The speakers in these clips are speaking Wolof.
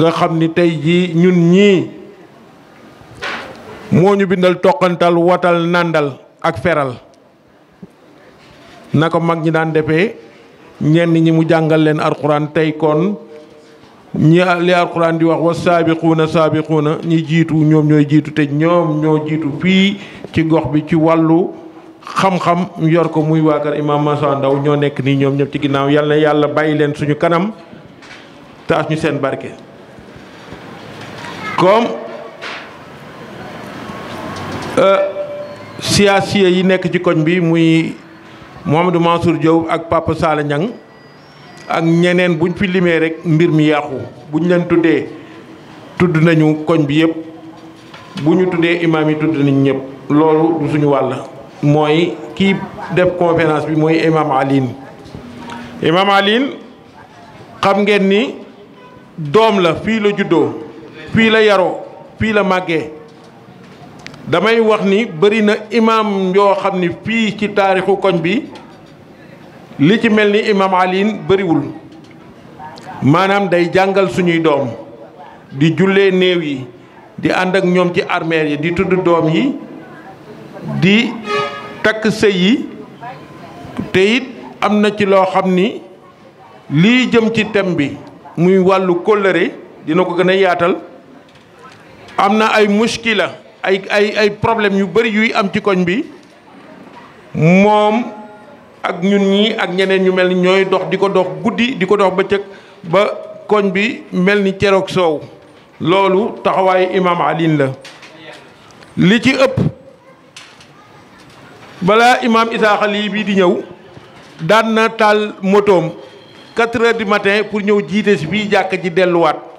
nga xam ni tey jii ñun ñii moo ñu bindal toqantal watal nandal ak feral na ko mag ñi daan defee ñenn ñi mu jàngal leen alquran tey kon ñi li alquran di wax wa saabiquuna ñi jitu ñoom ñooy jitu te nyom ñoo jitu fii ci gox bi ci walu xam-xam yor ko muy waa imam Mansour Ndaw ñoo nekk nii ñoom ñëpp ci ginnaaw yalla yalla yàlla leen suñu kanam taas ñu seen barke comme euh, siyaasiye yi nekk ci koñ bi muy Mouhamadou Mansour Diop ak Papa Sala Niang ak ñeneen buñ fi limee rek mbir mi yàqu buñ leen tuddee tudd nañu koñ bi yëpp buñu tuddee imaam yi tudd nañ ñëpp loolu du suñu wàll mooy kii def conférence bi muy imaam Alioune imaam Alioune xam ngeen ni doom la fii la juddoo fii la yaroo fii la màggee damay wax ni bëri na imaam yoo xam ni fii ci taarixu koñ bi li ci mel ni imaam Alioune bëriwul maanaam day jàngal suñuy doom di jullee néew yi di ànd ak ñoom ci armeel yi di tudd doom yi di takk sëy yi te it am na ci loo xam ni lii jëm ci tem bi muy wàllu kóllëre dina ko gën a yaatal am na ay muskila ay ay ay problème yu bari yuy am ci koñ bi moom ak ñun ñii ak ñeneen ñu mel ni ñooy dox di ko dox guddi di ko dox bëccëg ba koñ bi mel ni ceroog soow loolu taxawaayu imaam Alioune la li ci ëpp balaa imaam Isaaxa lii bii di ñëw daan na taal motoom 4 heures du matin pour ñëw jiite si bii jàkk ji delluwaat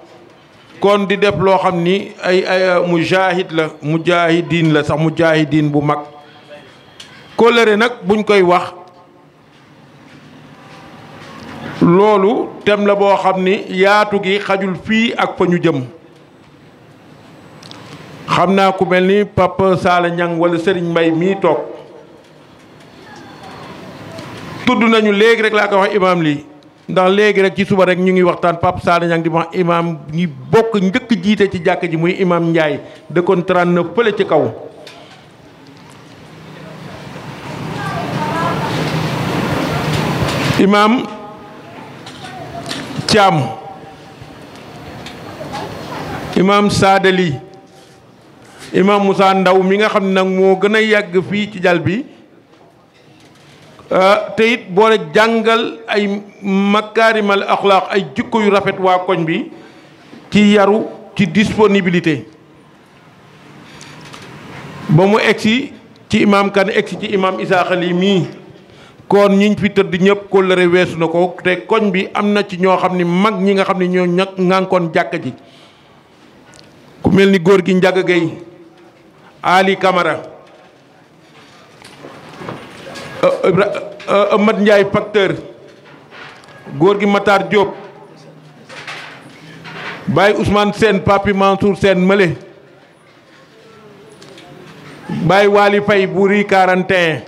kon di def loo xam ni ay ay mujaahid la mujaahidiin la sax mujaahidiin bu mag kóllëre nag buñ koy wax loolu tem boo xam ni yaatu gi xajul fii ak fa ñu jëm xam naa ku mel ni Papa Sala Ñang wala Sëriñ Mbay mii toog tudd nañu léegi rek laa ko wax imaam lii ndax léegi rek ci suba rek ñu ngi waxtaan Pape Sané Niang di wax imaam ñi bokk njëkk jiite ci jàkk ji muy imaam Ndiaye dëkkoon 39 fële ci kaw imam imaam Thiam imaam Sadali imam Moussa Ndaw mi nga xam ne nag moo gën a yàgg fii ci jal bi Euh, te it boole jàngal ay makaarimal axlaaq ay jikko yu rafet waa koñ bi ci yaru ci disponibilité ba mu egsi ci imaam kan egsi ci imaam Isaaxa lii mii kon ñiñ fi tëdd ñëpp kóllëre weesu na ko te koñ bi am na ci ñoo xam ni mag ñi nga xam ni ñoo ña ngànkoon jàkka ji ku mel ni góor gi Njaga Gay Ali Camara Euh, euh, Amad Ndiaye Pacteur góor gi Matar Diop Baye Ousmane Sène Papi Mansour Sène Mële Baye Waly Faye Buri 41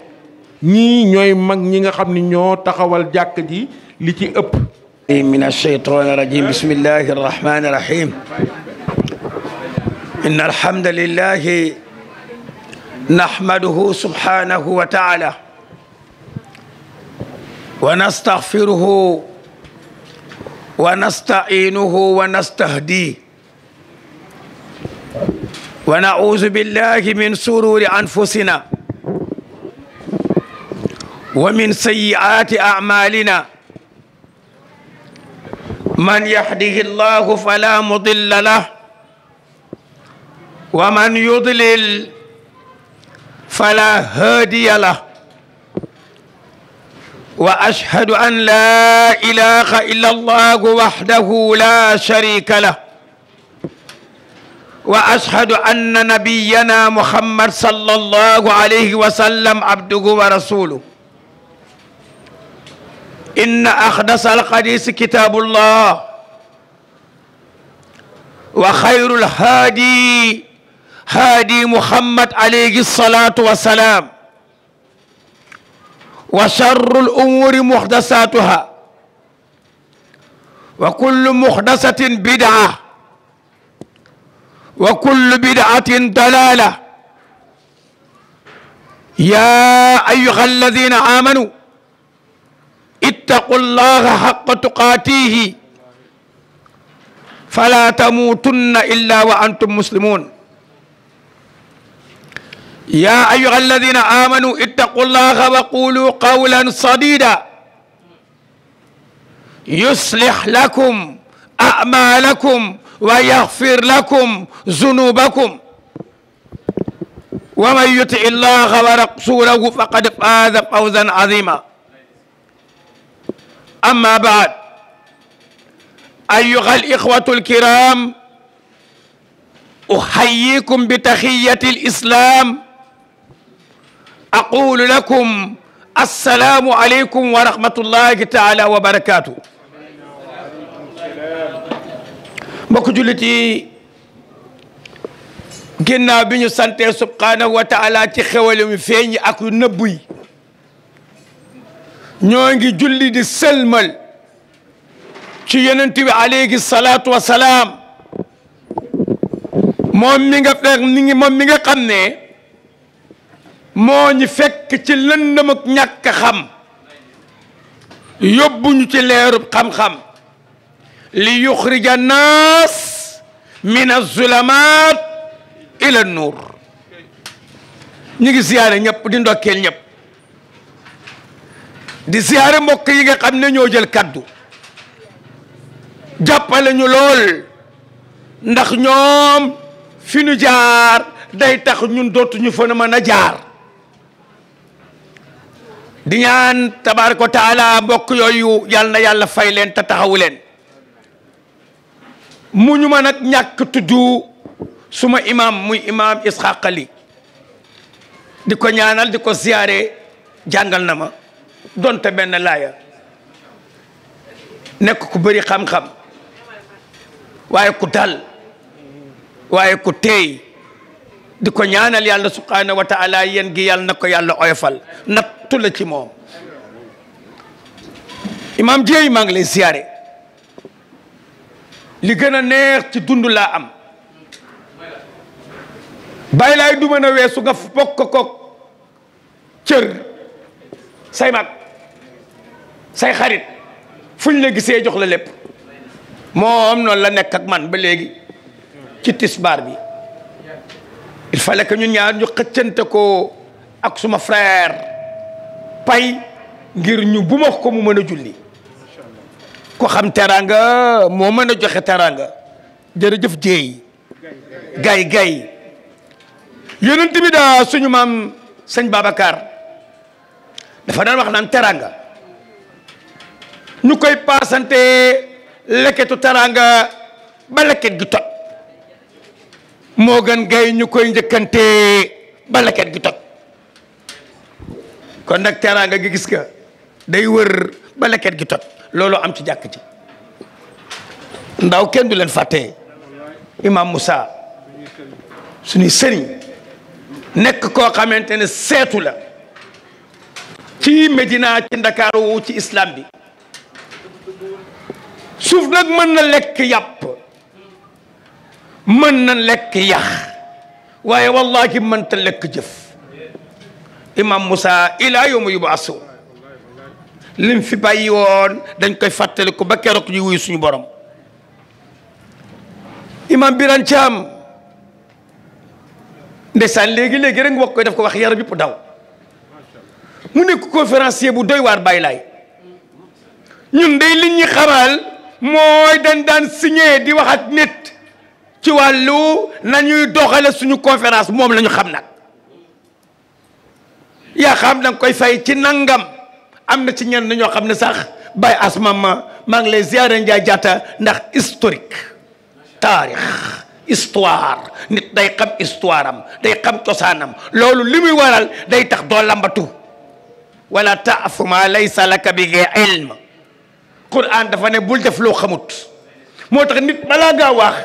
ñii ñooy mag ñi nga xam ni ñoo taxawal jàkk ji li ci ëpp min alsheytan irajim bismillahi arrahmani irrahim inna alhamda lillahi nahmaduhu subhanahu wa taala ونستغفره ونستعينه ونستهديه ونعوذ بالله من سرور أنفسنا ومن سيئات أعمالنا من يهده الله فلا مضل له ومن يضلل فلا هادي له واشهد ان لا اله الا الله وحده لا شريك له واشهد ان نبينا محمد صلى الله عليه وسلم عبده ورسوله ان احدث القديس كتاب الله وخير الهادي هادي محمد عليه الصلاه والسلام وشر الأمور محدثاتها وكل محدثة بدعة وكل بدعة ضلالة يا أيها الذين آمنوا اتقوا الله حق تقاتيه فلا تموتن إلا وأنتم مسلمون يا أيها الذين آمنوا اتقوا الله وقولوا قولا صديدا يصلح لكم أعمالكم ويغفر لكم ذنوبكم ومن يطع الله ورسوله فقد فاز فوزا عظيما أما بعد أيها الإخوة الكرام أحييكم بتحية الإسلام أقول لكم السلام عليكم ورحمة الله تعالى وبركاته مكجلتي جنا بني سنتي سبحانه وتعالى تخوال مفيني أكو نبوي نيوانجي جلدي دي سلمل تي ينتبه عليه الصلاة والسلام مؤمنين قبل نيني مؤمنين قبل نيني moo ñi fekk ci lëndëm ak ñàkk xam yóbbuñu ci leerub xam-xam li yuxrija naas min azulamat ila nuur ñu ngi siyaare ñëpp di ndokkeel ñëpp di siyaare mbokk yi nga xam ne ñoo jël kàddu jàppale ñu lool ndax ñoom fi ñu jaar day tax ñun dootuñu fa mën a jaar di ñaan tabaaraka wa taala mbokk yooyu yal na yàlla fay leen ta taxawu leen mu ñu ma nag ñàkk tudd suma imam muy imam Isxaaq Ali di ko ñaanal di ko ziyaare jàngal na ma donte benn laaya nekk ku bëri xam-xam waaye ku dal waaye ku teey di ko ñaanal yàlla subhaanahu wa taala yéen gi yàlla na ko yàlla oyofal nat nattu la ci moom imaam Jéey maa ngi lay siyaare li gën a neex ci dund laa am bàyyi laay du mën weesu nga bokk koog cër say mag say xarit fuñ la gisee jox la lépp moom noonu la nekk ak man ba léegi ci tisbaar bi il fallait que ñun ñaar ñu xëccante ko ak suma frère pay ngir ñu bu ma ko mu mën a julli ku xam teraanga moo mën a joxe teraanga jërëjëf jéey gay gay yonent bi daa suñu maam sëñ Babacar dafa daan wax naan teraanga ñu koy pasante leketu teraanga ba lekket gi toj moo gën gay ñu koy njëkkante ba lekket gi toj kon nag teraanga gi gis ka day wër ba leket gi tot lolo am ci jàkk ci ndaw kenn du len faté imam Moussa suni seri nek ko xamantene setu la ci Medina ci dakar wu ci islam bi suuf nak man na lek yap man na lek yah waye wallahi man ta lek jeuf imam Musa ilaa yawma yub'asu lim fi bàyyi woon dañ koy fàttaliku ba keroog ñu wuyu suñu borom imam Birane Thiam ndeysaan léegi-léegi rek wax koy daf ko wax yaram yëpp daw mu nekk conférencier bu doy waar bàyyi laay ñun day li ñuy xamal mooy dañ daan signé di wax ak nit ci wàllu nañuy doxale suñu conférence moom la xam nag yaa xam da koy fay ci nangam am na ci ñan ñoo xam ne sax bay asmam ma maa ngi lay ziare Njaay Jaata ndax historique taarix histoire nit day xam histoire day xam cosaanam loolu li muy waral day tax doo lambatu wala taafu ma laysa laka bi ilm Quran dafa ne bul def loo xamut moo tax nit balaa ngaa wax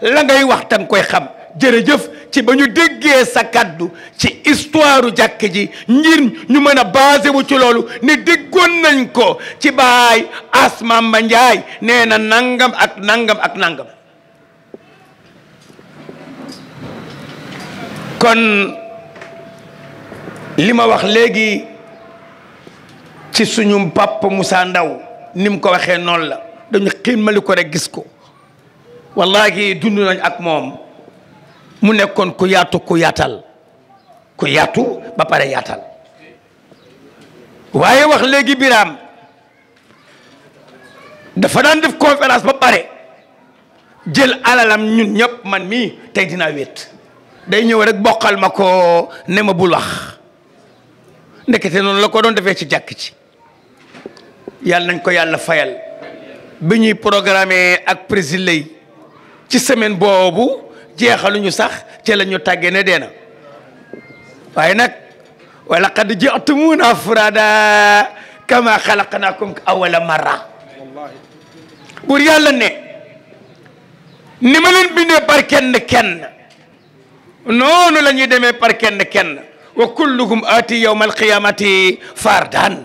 la ngay wax danga koy xam jërëjëf ci ba ñu déggee sa kaddu ci histoire jàkk ji ñu mën a basé ci loolu ne déggoon nañ ko ci baay Asma Mba nee na nangam ak nangam ak nangam kon li ma wax léegi ci suñu papa Moussa Ndaw nim ko waxee noonu la dañu xiimali ko rek gis ko wallahi dund nañ ak moom mu nekkoon ku yaatu ku yaatal ku yaatu ba pare yaatal waaye wax léegi biraam dafa daan def conférence ba pare jël alalam ñun ñëpp man mii tey dinaa wéet day ñëw rek bokkal ma ko ne ma bul wax ndekete noonu la ko doon defee ci jàkk ci yàlla nañ ko yàlla fayal bi ñuy programme ak président lay ci semaine boobu ñu sax ci la ñu tàggee ne dee na waaye nag wa laqad ji'tumuuna afraada kama marra buur yàlla ne ni ma leen bindee par kenn kenn noonu la ñuy demee par kenn kenn wa kulluhum aati yawma alqiyamati fardan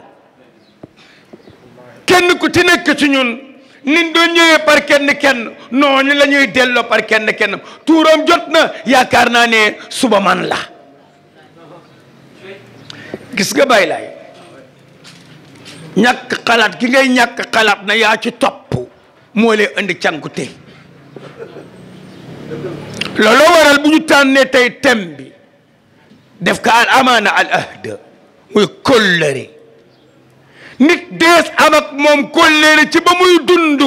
kenn ku ci nekk ci ñun nin doon ñëwee par kenn kenn noonu la ñuy delloo par kenn kenn tuuram jot na yaakaar naa ne suba man la gis nga bàyyi laay ñàkk ki ngay ñàkk xalaat na yaa ci topp moo lay indi cànkute looloo waral bu ñu tànnee tey thème bi def ka al amaana al ahd muy kóllëre nit dees am ak moom kóllëre ci ba muy dund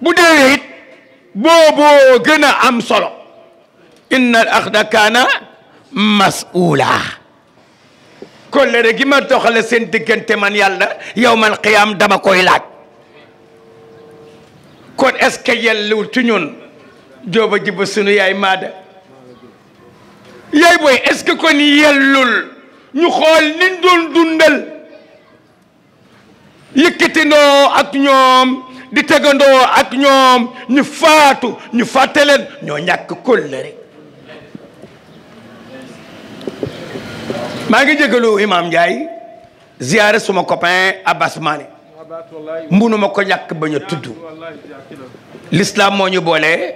bu dee it booboo gën a am solo inna al axda kaana mas'uula kóllëre gi ma doxale seen diggante man yàlla yawmal qiyaam dama koy laaj kon est-ce que yelluwul ci ñun jooba jiba sunu yaay maada yaay booy est-ce que kon yellul ñu xool liñ doon dundal yëkkatindoo ak ñoom di tegandoo ak ñoom ñu faatu ñu fàtte leen ñoo ñàkk kóllëre maa ngi jégalu Imam Ndiaye ziare suma copain Abbas Mané munuma ko ñàkk bañ a tudd moo ñu boole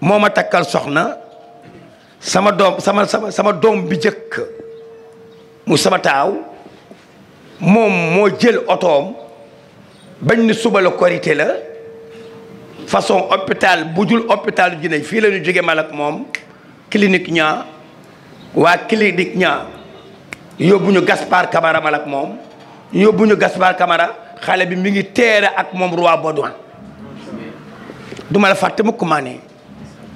moo ma takkal soxna sama doom sama bi jëkk mu sama taaw moom moo jël otoom bañ ni suba la korité la façon hôpital bu dul hôpital Djinné fii lañu jóge malak moom clinique ñaa waa clinique ñaa yóbbu ñu Gaspard Camara man moom yóbbu ñu Gaspard Camara xale bi mi ngi teere ak moom roi Baudouin duma la fàtte mukk maa ne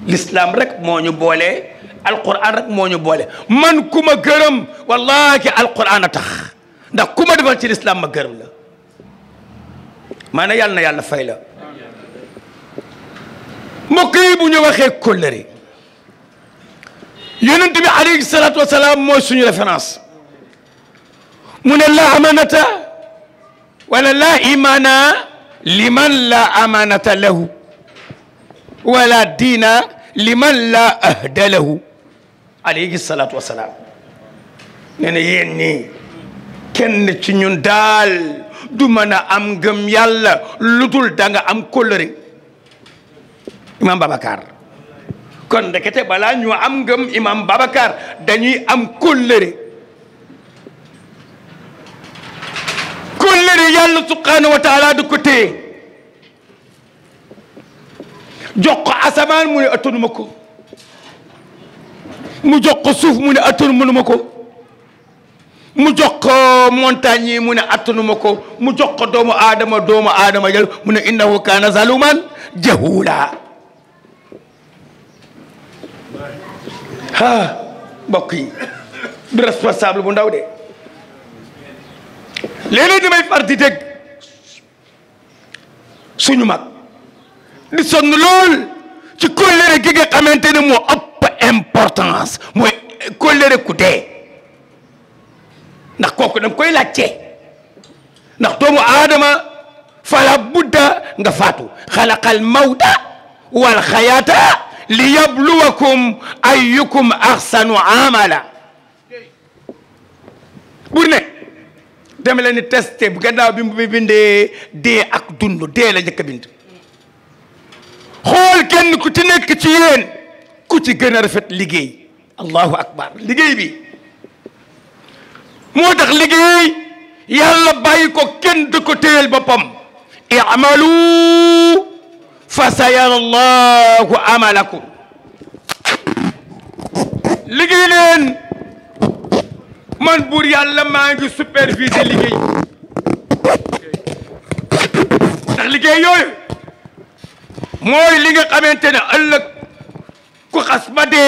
l'islam rek moo ñu boole alquran rek moo ñu boole man ku gërëm wallahi alquran a tax ndax ku ma defal ci lislaam ma gërëm la maana yàlla na yàlla fay la mbokk yi bu ñu waxee kóllëre yonent bi alayhi salaatu wasalaam mooy suñu référence mu la amanata wala la imana liman la amanata lahu wala dina liman la ahda lahu alayhi salaatu wasalaam nee na yéen kenn ci ñun daal du mën a am gëm yàlla lu dul da am kóllëre imam Babacar kon ndekete balaa ñu am ngëm imam Babacar dañuy am kóllëre kóllëre yàlla subhanahu wa taala du ko téye jox ko asamaan mu ne attanu ma ko mu jox ko suuf mu ne attanu mënu ko mu jox ko montagne yi mu ne attanuma ko mu jox ko doomu aadama doomu aadama jël mu ne innahu kaana zaluman jahula ha mbokk yi du responsable bu ndaw de léeg-léeg di dégg suñu mag di sonn lool ci kóllëre gi nga xamante ne moo ëpp importance mooy kóllëre ku dee ndax kooku da nga koy laajte ndax doomu aadama fala budda nga faatu xalaqal mawta wal xayaata li yabluwakum ayyukum ahsanu amala bur ne dem leen ni testé bu gannaaw bi mu bindee dee ak dund dee la njëkk a bind xool kenn ku ci nekk ci yéen ku ci gën a rafet liggéey allahu akbar liggéey bi موتاخ ليغي يالا بايكو كين دكو تيل بوبام اعملوا فسيرى الله عملكم ليغي لين مان بور يالا ماغي سوبرفيزي ليغي تخ ليغي يوي موي ليغا خامتنا الله كو خاص ما دي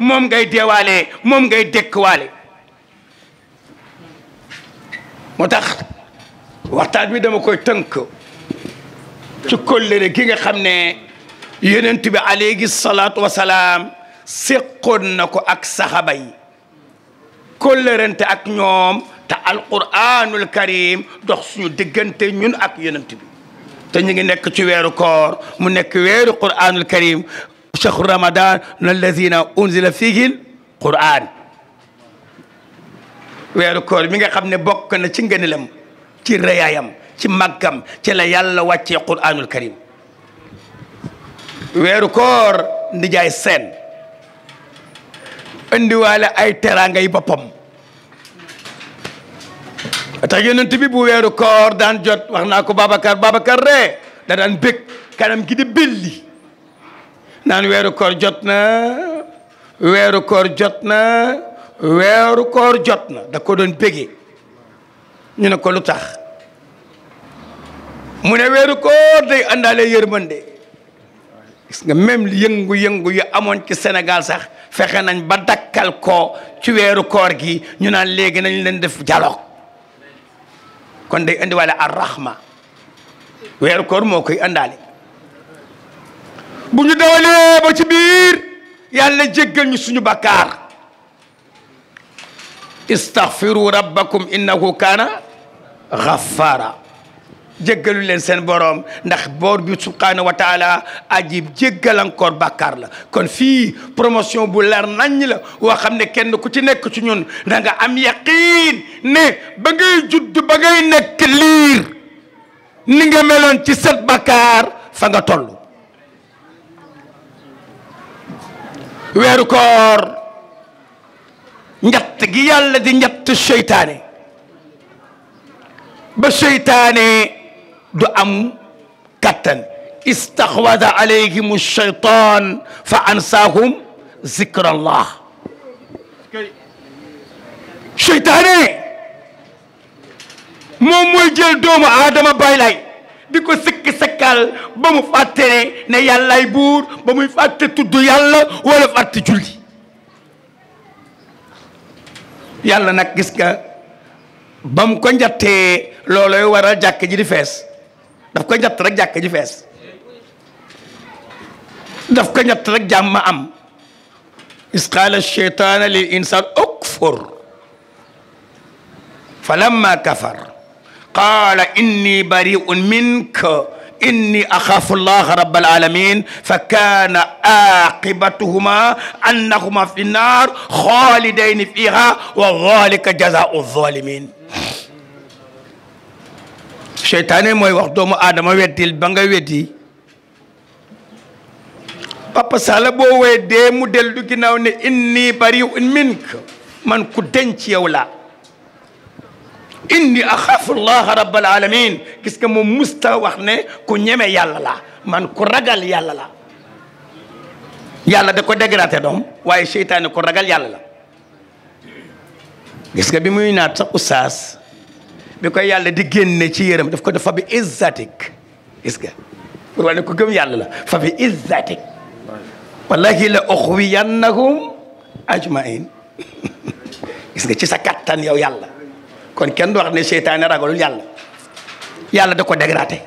موم غاي ديوالي موم غاي ديكوالي motax waxtaan mi dama koy teunk ci kóllëre gi nga xamne ne yonent bi alayhi salatu wasalaam séqoon na ko ak saxaba yi kóllërante ak ñoom ta alquranul karim dox suñu diggante ñun ak yonent bi te ñi ngi nek ci wéru koor mu nek wéru quranul karim شهر رمضان الذين انزل فيه القران weeru koor mi nga xam ne bokk na ci ngëneelam ci rëyaayam ci màggam ci la yàlla wàccee quraanul karim weeru koor ndijaay seen indiwaale ay teraangay boppam tax yonent bi bu weeru koor daan jot wax naa ko Babacar Babacar ree da daan bég kanam gi di naan weeru koor jot na weeru koor jot na weeru koor jot na da ko doon bége ñu ne ko lu tax mu ne weeru koor day àndaale yërmande gis nga même li yëngu-yëngu yu amoon ci Sénégal sax fexe nañ ba dakkal ko ci weeru koor gi ñu naan léegi nañ leen def dialogue kon day indiwaale ar rahma weeru koor moo koy àndaale bu ñu dawalee ba ci biir yàlla jéggal ñu suñu bakkaar istaghfiru rabbakum innahu kaana ghaffara jéggalu leen seen boroom ndax boor bi subhanahu wa taala ajib jéggal encore bàkkaar la kon fii promotion bu leer naññ la woo xam ne kenn ku ci nekk ci ñun da nga am yaqiin ne ba ngay judd ba ngay nekk liir ni nga meloon ci set bàkkaar fa nga toll weeru koor نيات يالا دي نيات الشيطان بالشيطان دو ام كاتن استخوذ عليهم الشيطان فانساهم ذكر الله شيطان موموي جيل دوم ادم بايلاي ديكو سك سكال بامو فاتي ني يالاي بور بامو فاتي تودو يالا ولا فاتي جولي yàlla nag gis nga ba mu ko njattee looloy waral jàkk ji di fees daf ko njatt rek jàkk ji fees daf ko njatt rek jàmm am is qaala cheytaana lil insaan ukfur falamma kafar qaala inni bariun minka إني أخاف الله رب العالمين فكان عاقبتهما أنهما في النار خالدين فيها وذلك جزاء الظالمين شيطان موي واخ دومو ادم ويدي بانغا ويدي بابا سالا بو ويدي مودل دو غيناو ني اني بريء منك من كو دنت يولا لا inni axaafu llaha rabbal alamin gis nga moom musta wax ne ku ñeme yàlla laa man ku ragal yàlla laa yàlla da ko dégradé doom waaye seytaane ku ragal yàlla la gis nga bi muy naat sax oustaz bi koy yàlla di génne ci yërëm daf ko def fa bi izzatik gis nga pour wane ko gëm yàlla la fa bi izzatik wallahi la uxwiyannahum ajmain gis nga ci sa kattan yow yàlla kon kenn di wax ne seytaane ragalul yàlla yàlla da ko dégradé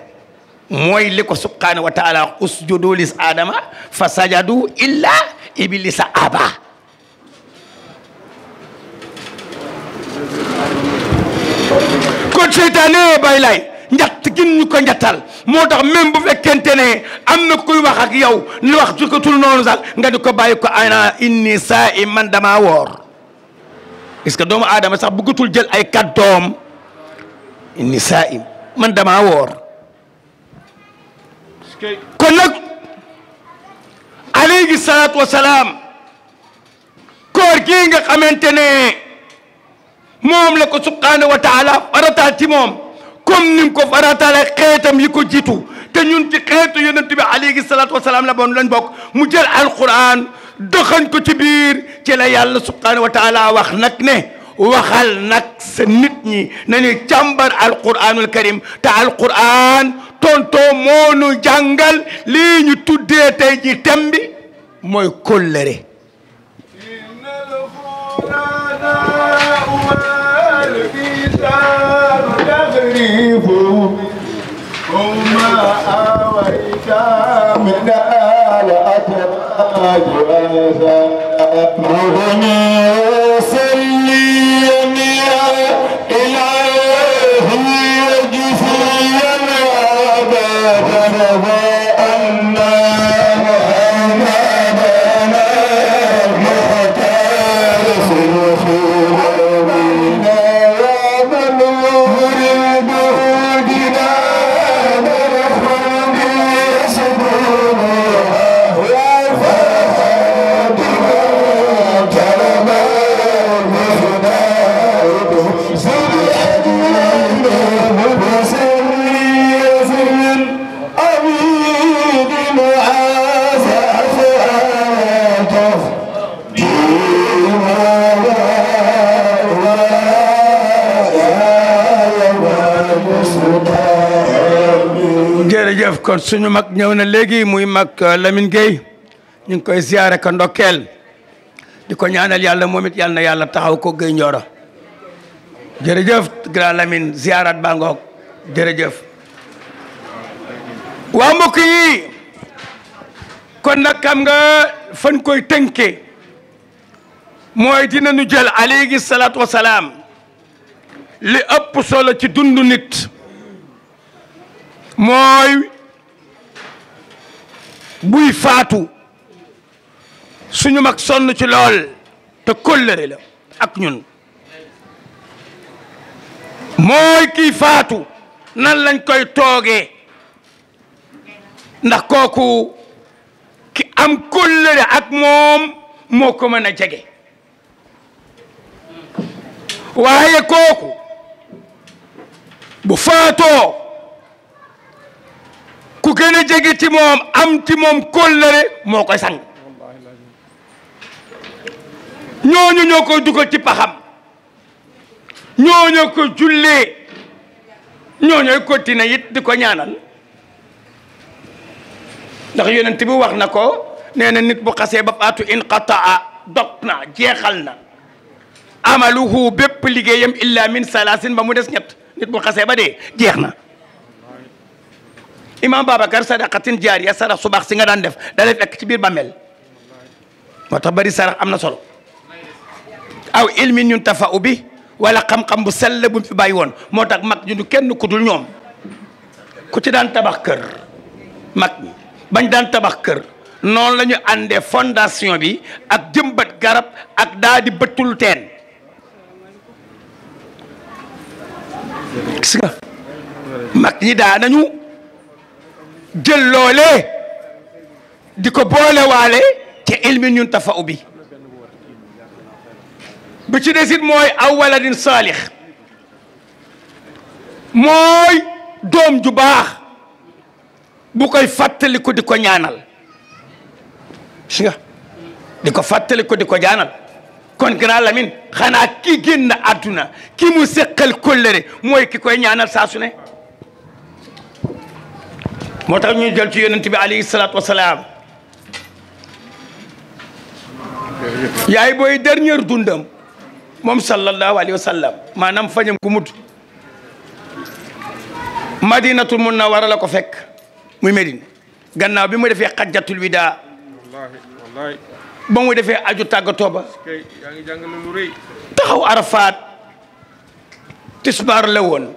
mooy li ko subhanahu wa taala usjudu lis adama fa sajadu illa iblisa aba kon seytaane bay lay njatt gin ko njattal moo tax même bu fekkente ne am na kuy wax ak yow li wax jukkatul noonu sax nga di ko bàyyi ko ana inni saa man dama woor est-ce que doomu aadama sax bëggatul jël ay kàddoom inni saa im man damaa woor kon nag alayhi salaatu wasalaam koor nga xamante ne moom la ko wa taala farataal ci moom comme ni mu ko farataale xeetam yi ko jiitu te ñun ci xeetu yonent bi alayhi salaatu wasalaam la bon lañ bokk mu jël alquran doxañ ko ci biir ci la yàlla subhanahu wa taala wax nag ne waxal nag sa nit ñi nañu càmbar alquranul karim te alquran tontoo moonu jàngal lii ñu tuddee tey ji tem bi mooy kóllëre شامنا وأتراجها مغني kon suñu mag ñëw na léegi muy mag euh, Lamine Gueye ñu ngi koy ziyaare ka ndokkeel di ko ñaanal yàlla moom it yàlla na yàlla taxaw ko Gueye Nioro jërëjëf grand Lamine ziyaaraat baa ngoog jërëjëf waa mbokk yi kon nag xam nga fan koy tënke mooy dinañu jël alayhi salaatu salaam li ëpp solo ci dundu nit mooy buy faatu suñu mag sonn ci lool te kóllëre la ak ñun mooy kii faatu nan lañ koy toogee ndax kooku ki am kóllëre ak moom moo ko mën a jege waaye kooku bu faatoo ku gën jege ci moom am ci moom kóllëre moo koy sang ñooñu ñoo koy dugal ci paxam ñooñoo ko jullee ñooñooy continuer it di ko ñaanal ndax yonent bi wax na ko nee na nit bu xasee ba faatu inqataa dog na jeexal na amaluhu bépp liggéeyam illa min salaasin ba mu des ñett nit bu xasee ba dee jeex na imam babacar sadaqatin jaariya sarax su baax si nga def da def fekk ci biir bàmmeel moo bari sarax am solo aw ilmin ñun tafa'u bi wala xam-xam bu sell bu fi bàyyi woon moo tax mag ñu du kenn ku dul ñoom ku ci daan tabax kër mag ñi bañ daan tabax kër noonu la ñu fondation bi ak jëmbat garab ak daa di bëttul gis nga mag ñi daa nañu jël loole di ko boolewaale ci ilmin ñun tafa u bi ci desit mooy aw waladin saalix mooy doom ju baax bu koy fàttaliku di ko ñaanal si di ko fàttaliku di ko ñaanal kon grand Lamine xanaa ki génn àdduna ki mu seqal kóllëre mooy ki koy ñaanal saa ne moo tax ñu jël ci yonent bi alayhi salaatu wasalaam yaay booy dernier dundam moom sallallahu alayhi wa sallam maanaam fañam ku mut madinatul munawwara la ko fekk muy Medine gannaaw bi mu defee xajjatul widaa ba mu defee aju tàggatoo ba taxaw Arafat tisbaar la woon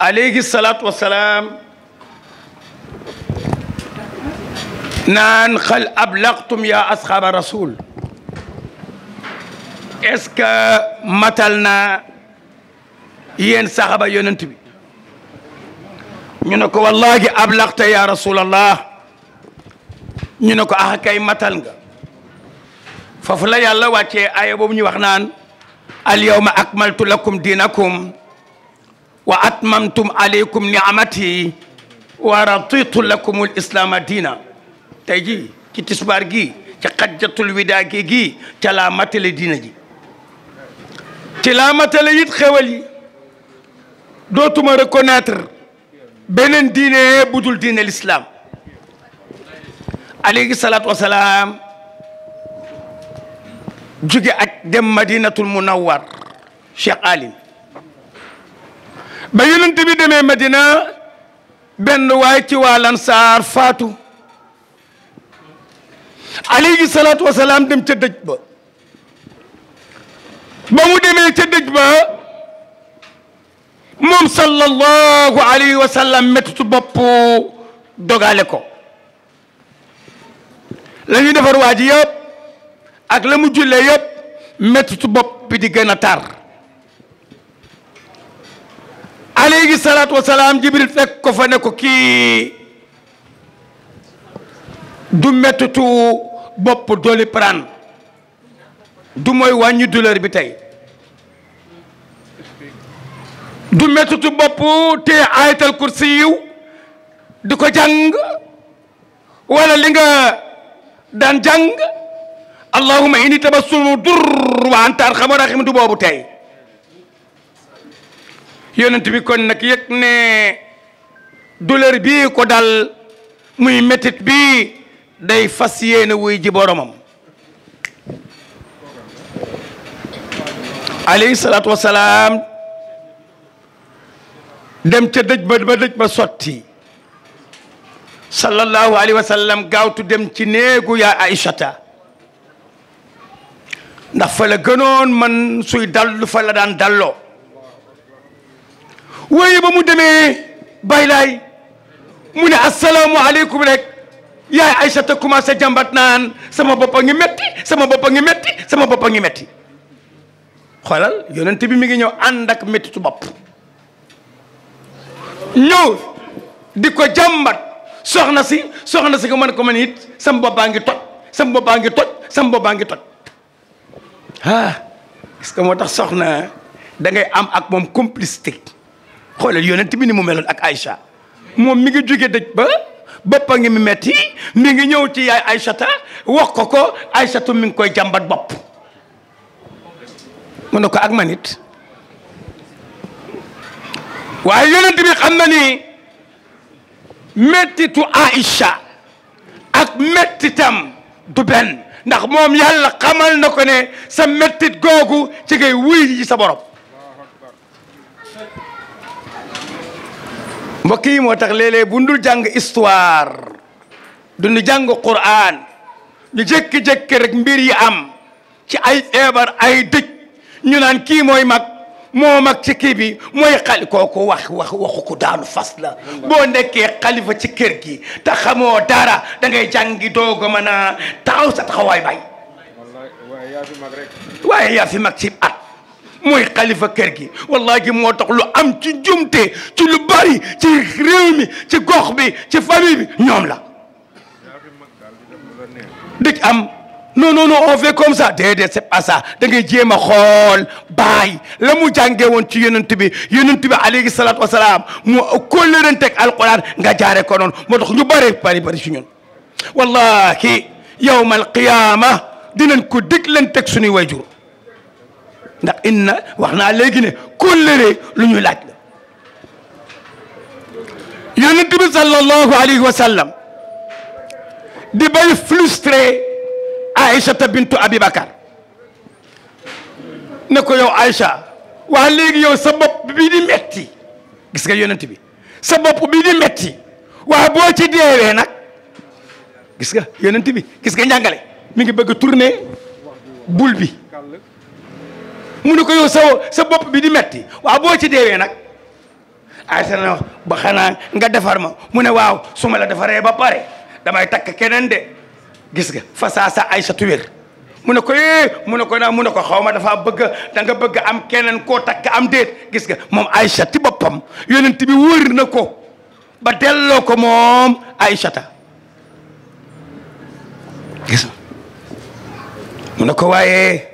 alayhi salaatu wassalaam naan xal ablaqtum ya asxaaba rasul est-ce que matal naa yéen saxaba yonent bi ñu ne ko wallahi ablaqta ya rasulallah ñu ne ko ax ah, kay matal nga foofu la yàlla wàccee aaya boobu ñu wax naan al yawma akmaltu lakum diinakum wa atmamtum aleykum niamati wa raditu lakum al islaama diina tey ji ci tisbaar gi ci xajjatul widaa gi gi ca laa matale diina ji ci laa matale it xewal yi dootuma reconnaître beneen diine budul diine l'islam aleyhi salaatu wasalaam jóge ak dem madinatul munawwar Cheikh Alim ba yonent bi demee Madina benn waay ci waa Lansaar faatu alayhi salaatu wasalaam dem ca dëj ba ba mu demee ca dëj ba moom sallallahu alayhi wa sallam mettitu bopp dogale ko la ñuy defar waa ji yëpp ak la mu jullee yëpp mettitu bopp bi di gën a tar alayhi salaatu wasalaam jibril fekk ko fa ko ki du mettitu bopp Doliprane du mooy wàññi douleur bi tey du mettitu bopp te ayatal kursi yiw di ko jàng wala li nga daan jàng allahuma inni tabassum dur wa anta arhamar rahim du boobu tey yonent bi kon nag yëg ne douleur bii ko dal muy metit bi day fas yéene wuy ji boromam alayhi salaatu wasalaam dem ca dëj ba ba dëj ba sotti sallallahu alayhi wa sallam gaawtu dem ci néegu yaa aïchata ndax fa la gënoon man suy dallu fa la daan dalloo waaye ba mu demee assalamualaikum laay mu ne asalaamualeykum rek yaay Aïssata commencé sama bopp a ngi metti sama bopp a ngi metti sama bopp a ngi metti xoolal yonent bi mi ngi ñëw ànd ak mettitu di ko soxna si soxna si ko man ko man sama boppaa ngi sama boppaa ngi sama boppaa ngi ha ah est-ce soxna da ngay am ak moom complicité xoolal yonent bi ni mu meloon ak Aïcha moom mi ngi jóge dëj ba boppa ngi mi metti mi ngi ñëw ci yaay Aïchata wax ko ko Aïchatu mi ngi koy jàmbat bopp mu ne ko ak man it waaye yonent bi xam na ni mettitu Aïcha ak mettitam du benn ndax moom yàlla xamal na ko ne sa mettit googu ci ngay wuy yi sa borom mbokk yi moo tax léeg bu ndul jàng histoire duñu jàng Qur'an ñu jékki-jékki rek mbir yi am ci ay feebar ay dëj ñu naan kii mooy mag moo mag ci kii bi mooy xali kooku wax wax waxu ko daanu fasla boo nekkee xalifa ci kër gi te xamoo dara da ngay jàngi dooga mën a taxaw sa bay waaye yaa fi mag ci at moy khalifa kër gi wallaahi moo tax lu am ci jumte ci lu bari ci réew mi ci gox bi ci famille bi ñom la dëj am non non non on fait comme ça déedéet c'est pas ça da ngay jema xol bay lamu jangé won ci yonent bi yonent bi alayhi salatu wassalam mo ko leen tek alquran nga jare ko non mo tax ñu bari bari bari ci ñun wallahi yawm alqiyamah dinañ ko dik leen tek suñu wayjur ndax inna wax naa léegi ne kóllëre lu ñu laaj la yonent bi sallallahu alayhi wa sallam di bay frustré Aïchata bintu Abi Bakar ne ko yow Aïcha waa léegi yow sa bopp bi di metti gis nga yonent bi sa bopp bi di metti waa boo ci deewee nag gis nga yonent bi gis nga njàngale mi ngi bëgg tourner bul bi mu ne ko yow sa sa bopp bi di metti waaw boo ci deewee nag Aysa na ba xanaa nga defar ma mu ne waaw su ma la defaree ba pare damay takk keneen de gis nga fa saa sa Aysatu wér mu ne ko eh mu ne ko naa mu ne ko xaw ma dafa bëgg da nga bëgg am keneen koo takk am déet gis nga moom Aysa ti boppam yonent bi wër na ko ba delloo ko moom ay gis nga mu ne ko waaye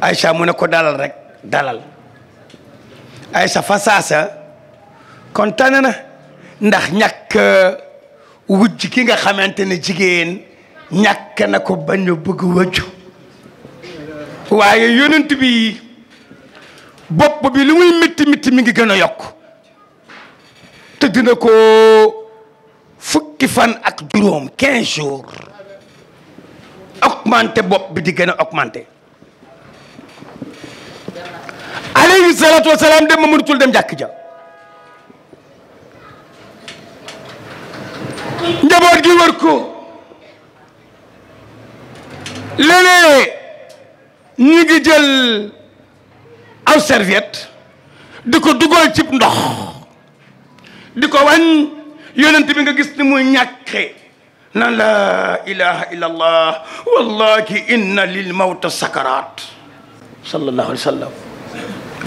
Aïcha mu ne ko dalal rek dalal Aïcha fa saasa kontaan na ndax ñàkk uh, wujj ki nga xamante ne jigéen ñàkk na ko bañ a bëgg waaye yonent bi bopp bi lu muy mitti mitti mi ngi gën a yokk te dina ko fukki fan ak juróom quinze jours augmenté bopp bi di gën a augmenté alayhi salaatu wasalaam dem ma dem jàkk ja njaboot gi wër ko léeg-léeg ñu ngi jël aw serviette di ko dugal cib ndox di ko wañ yonent bi nga gis ni muy ñàkke nan la ilaha illa allah wallahi inna lil mawta sakarat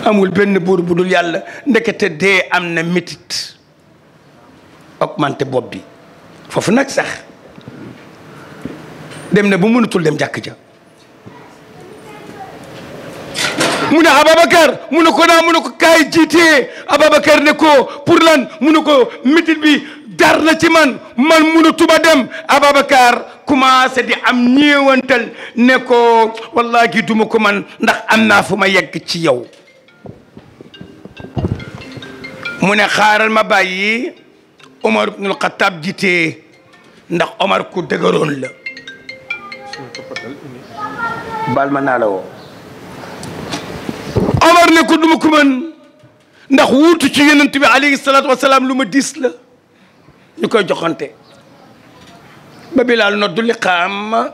amul benn buur bu dul yàlla ndekete dee am na métit augmenté bopp bi foofu nag sax dem na bu mënatul dem jàkk ja mu ne Ababacar mu ne ko naa mu ne ko kaay jiitee Ababacar ne ko pour lan mu ne ko métit bi dar na ci man man mënatuma dem Ababacar commencé di am ñeewantal ne ko wallaahi duma ko man ndax am naa fu ma yegg ci yow mu ne xaaral ma bàyyi Omar ibnul Xattaab jité ndax Omar ku dëgëroon la. bal ma naa la Omar ne ko duma ko mën ndax wuutu ci yonent bi alayhi salaatu wa salaam lu la ñu joxante ba Bilaal noddu liqaam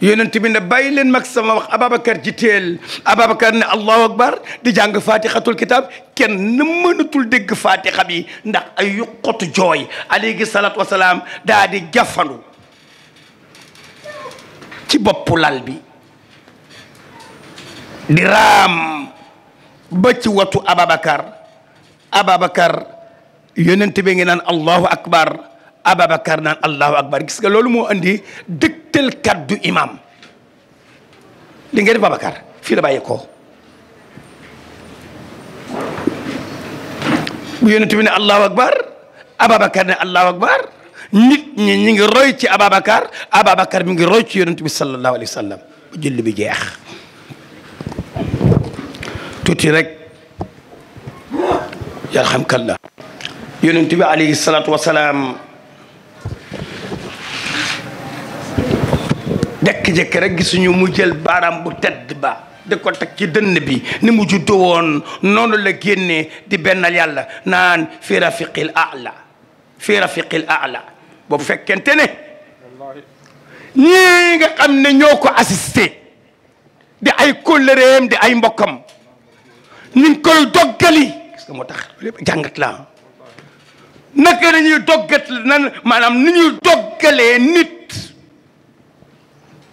yonent bi ne bàyyi leen mag sama wax Ababacar ji teel Ababacar ne allahu akbar di jàng faatixatul kitab kenn mënatul dégg faatixa bi ndax ay yuqotu jooy alayhi salaatu wasalaam daa di jafandu ci boppu lal bi di raam ba ci watu Ababacar Ababacar yonent bi ngi naan allahu akbar Ababacar naan allahu akbar gis nga loolu moo andi dëgtal kaddu imam li nga def Babacar fii la bàyyi ko bu yonent bi ne allahu akbar Ababacar ne allahu akbar nit ñi ñi ngi roy ci Ababacar Ababacar mi ngi roy ci yonent bi sallallahu alayhi wa sallam bu julli bi jeex tuuti rek yàlla xam kan la yonent bi alayhi salaatu wa salaam nek jek rek gisuñu mu jël baram bu tedd ba de ko tak ci deun bi ni mu juddu woon nonu la genné di benal yàlla nan fi rafiqil a'la fi rafiqil a'la bo fekente ne ñi nga xamne ñoko assister di ay kolereem di ay mbokam ñi ko doggali gis nga moo jàngat la nak la doggat nan manam ni ñu doggalé nit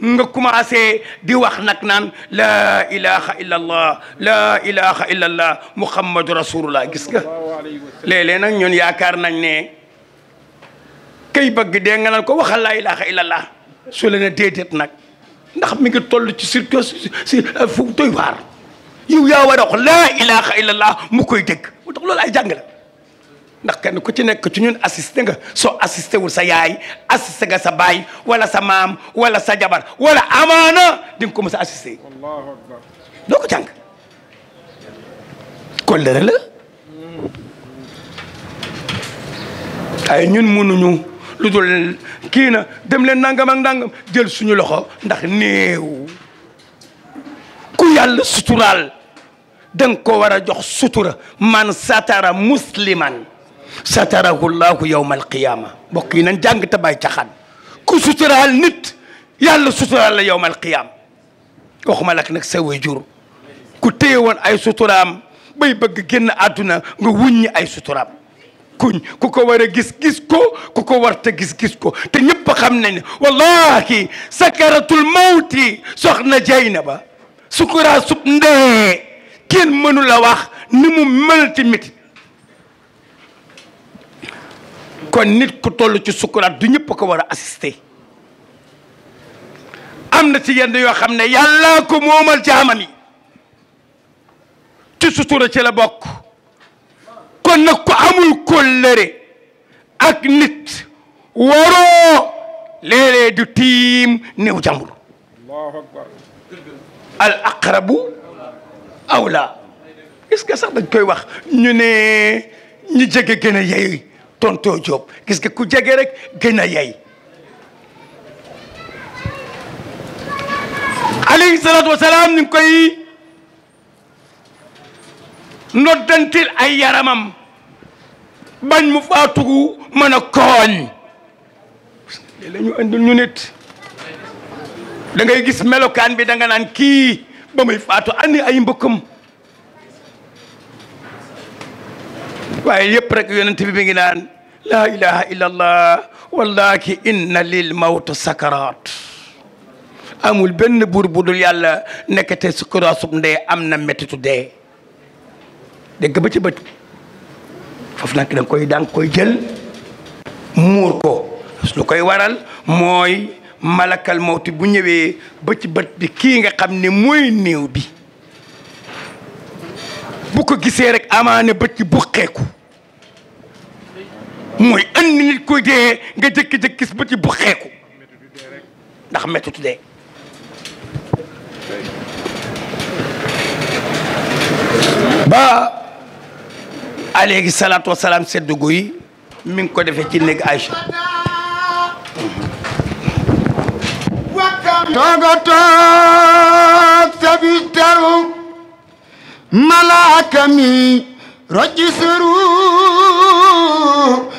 nga commencé di wax nak nan la ilaha illa allah la ilaha illa allah muhammadu rasulullah gis nga lele nak ñun yaakar nañ ne kay bëgg de nga naan ko waxal la ilaha illa allah su leena dedet nak ndax mi ngi toll ci surtout ci fu toy war yow ya war a wax laa ilaha allah mu koy dégg mu tax loolu ay jàng la ndax kenn ku ci nekk ci ñun assisté nga soo assisté wul sa yaay assisté nga sa baay wala sa maam wala sa jabar wala amaana di nga ko mës a assisté doo ko jàng kollëre la ay ñun mënuñu lu dul kii na dem leen nangam ak nangam jël suñu loxo ndax néew ku yàlla suturaal da ko war a jox sutura man satara musliman ستره الله يوم القيامة بقينا نجانك تباي تخان كو ستره النت يالله ستره يوم القيامة وخما لك نك سوي جور كو تيوان اي سترام باي بق جن عدنا نغوني اي سترام كون كوكو ورا جس جسكو كوكو ورتا جس جسكو تنيبا خمنين والله سكرة الموت سخنا جينبا سكرة سبنده كين منو لواخ نمو ملتي متت kon nit ku tollu ci sukkuraat du ñepp ko wara assister amna ci yenn yo xamne yalla ko momal jaamam ci sutura ci la bok kon nak ko amul kóllëre ak nit waroo du tim neew tiim néew akbar al aqrabu awla est-ce que sax dañ koy wax ñu ne ñi jégué gëna a tonto Diop gis nga ku jege rek gën a yey alayhi salaatu wasalaam ni koy noddantil ay yaramam bañ mu faatugu mën a kooñ lég la ñu andil ñu nit da ngay gis melokaan bi da naan kii ba muy faatu ani ay mbokkam waaye yëpp rek yonent bi mi ngi naan laa ilaha illa allah wallahi inna lil mawt sakaraat amul benn buur bu dul yàlla nekkate sukuraasub ndee am na méttitu dee dégg ba ci bët nag da koy da koy jël muur ko lu koy waral mooy malakal mawti bu ñëwee ba ci bët bi kii nga xam ne mooy néew bi bu ko gisee rek amaane bët ci mooy andi nit koy dee nga jékki-jékki gis ba ci bu xeeku ndax métti dee ba alayhi salaatu wasalaam seddugu yi mi ngi ko defe ci néeg Aïcha tooga toog sabi teru malaaka mi roji suru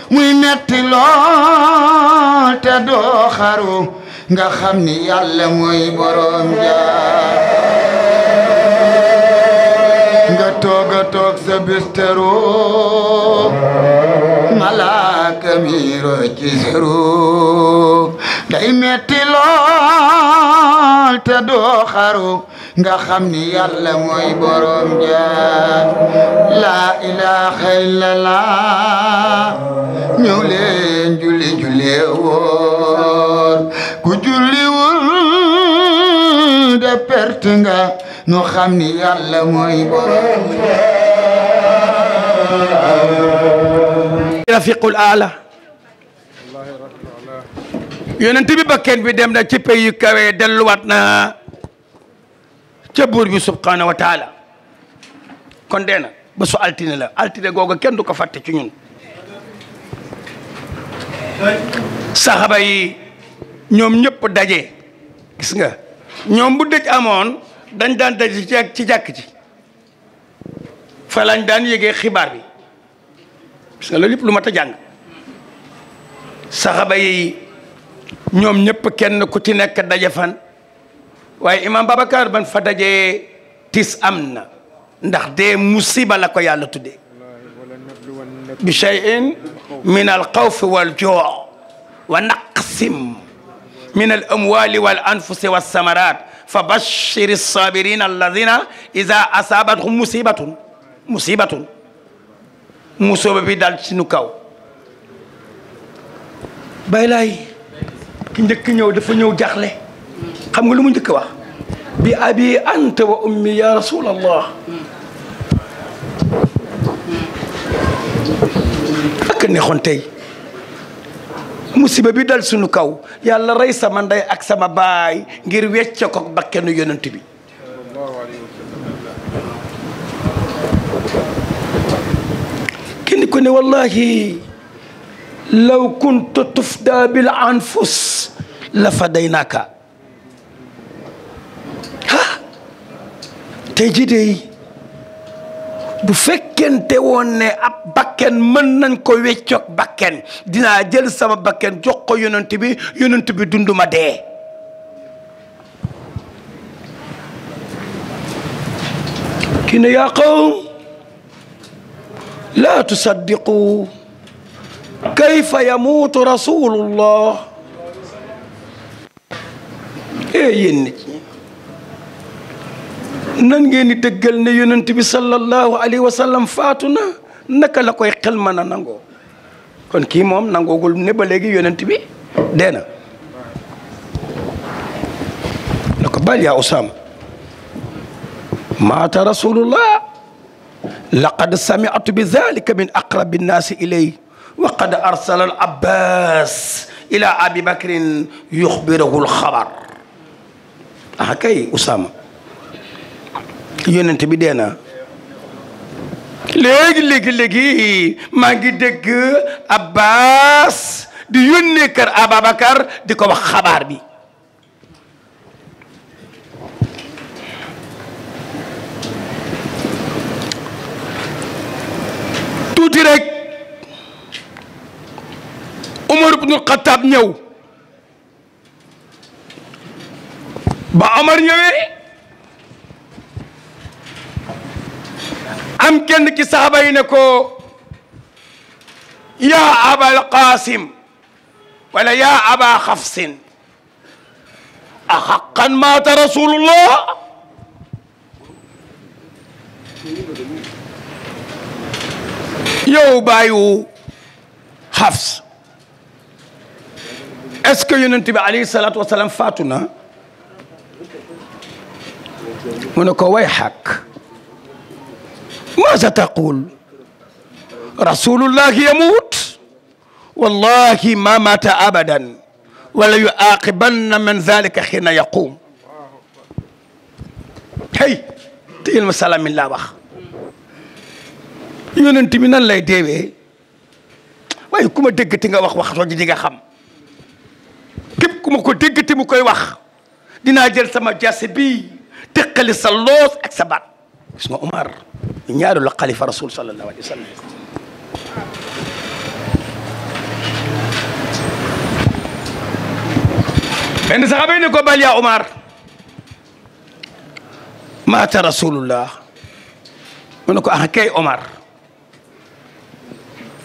muy metti lool te doo nga xam ni yàlla mooy borom jaar nga toog a toog sa bistero malaaka mi rocci sero day metti lool njool te doo xaru nga xam ni yàlla mooy borom jaam laa ilaaha illallah ñëw leen julli jullee woor ku julliwul de perte nga nu xam ni yàlla mooy borom jaam rafiqul aala yonent bi bakken bi dem na ci pays yu kawe delluwaat na ca buur bi subhanahu wa taala kon na ba su altine la altine googu kenn du ko fàtte ci ñun saxaba yi ñoom ñëpp daje gis nga ñoom bu dëj amoon dañ daan daje ci jàkk ci fa lañ daan yëgee xibaar bi gis nga loolu lu yi ñom ñëpp kenn ku ci nek daje fan waye imam babakar ban fa dajé tis amna ndax dé musiba la ko yàlla tuddee bi shay'in min al xawfi wal ju wa naqsim min al amwal wal anfus was samarat فبشر الصابرين الذين اذا اصابتهم مصيبه مصيبه مصيبه musiba شنو كاو بايلاي njëkk ñëw dafa ñëw jaaxle xam nga lu mu njëkk wax bi abi anta wa ummi ya rasulallah ak neexoon tey musiba bi dal suñu kaw yàlla rey sama ndey ak sama baay ngir wecce ko bakkenu yonent bi kenn ku ne wallahi law kunta tufda bil la fadaynaaka ah tey jii bu fekkente woon ne ab bakken mën nañ ko weccoog bakken dinaa jël sama bakken jox ko yonent bi yonent bi dunduma dee kii yaa qawm laa tusaddiqu kayfa yamuutu rasulullah ee eh, yéen nit ñi nan ngeen di dëggal ne yonent bi sallallahu alayhi wa sallam faatu na naka la koy xel mën a nangoo kon kii moom nangoogul ne ba léegi yonent bi dee na na ko bal yaa Usaama maata rasulullah laqad sami'tu bi dhalika min aqrabi nnaasi ilay wa qad arsala al abbas ila abi bakrin yuxbirahu alxabar ah kay Usaama yonent bi dee na léegi léegi léegi maa ngi dégg abbas di yónnee kër Ababacar di ko wax xabaar bi ابن الخطاب نيو با عمر نيوي ام كين كي صحابي نكو يا ابا القاسم ولا يا ابا حفص احقا مات رسول الله يو بايو حفص est-ce que yonent bi alayhi salatu wasalaam faatu na ko way xàq ماذا تقول رسول الله يموت والله ما مات أبدا ولا يعاقبن من ذلك حين يقوم هي تي المسألة من لا بخ يونت من الله ديوي واي كوما دغ تي nga wax wax jigi nga xam képp ku ma ko dégg te mu koy wax dinaa jël sama jaase bii teqali sa loos ak sa baat gis nga Omar ñaaru la xalifa rasul sallallahu alayhi wa sallam benn saxaaba yi ne ko bal yaa Omar maata rasulullah mu ne ko ah kay Omar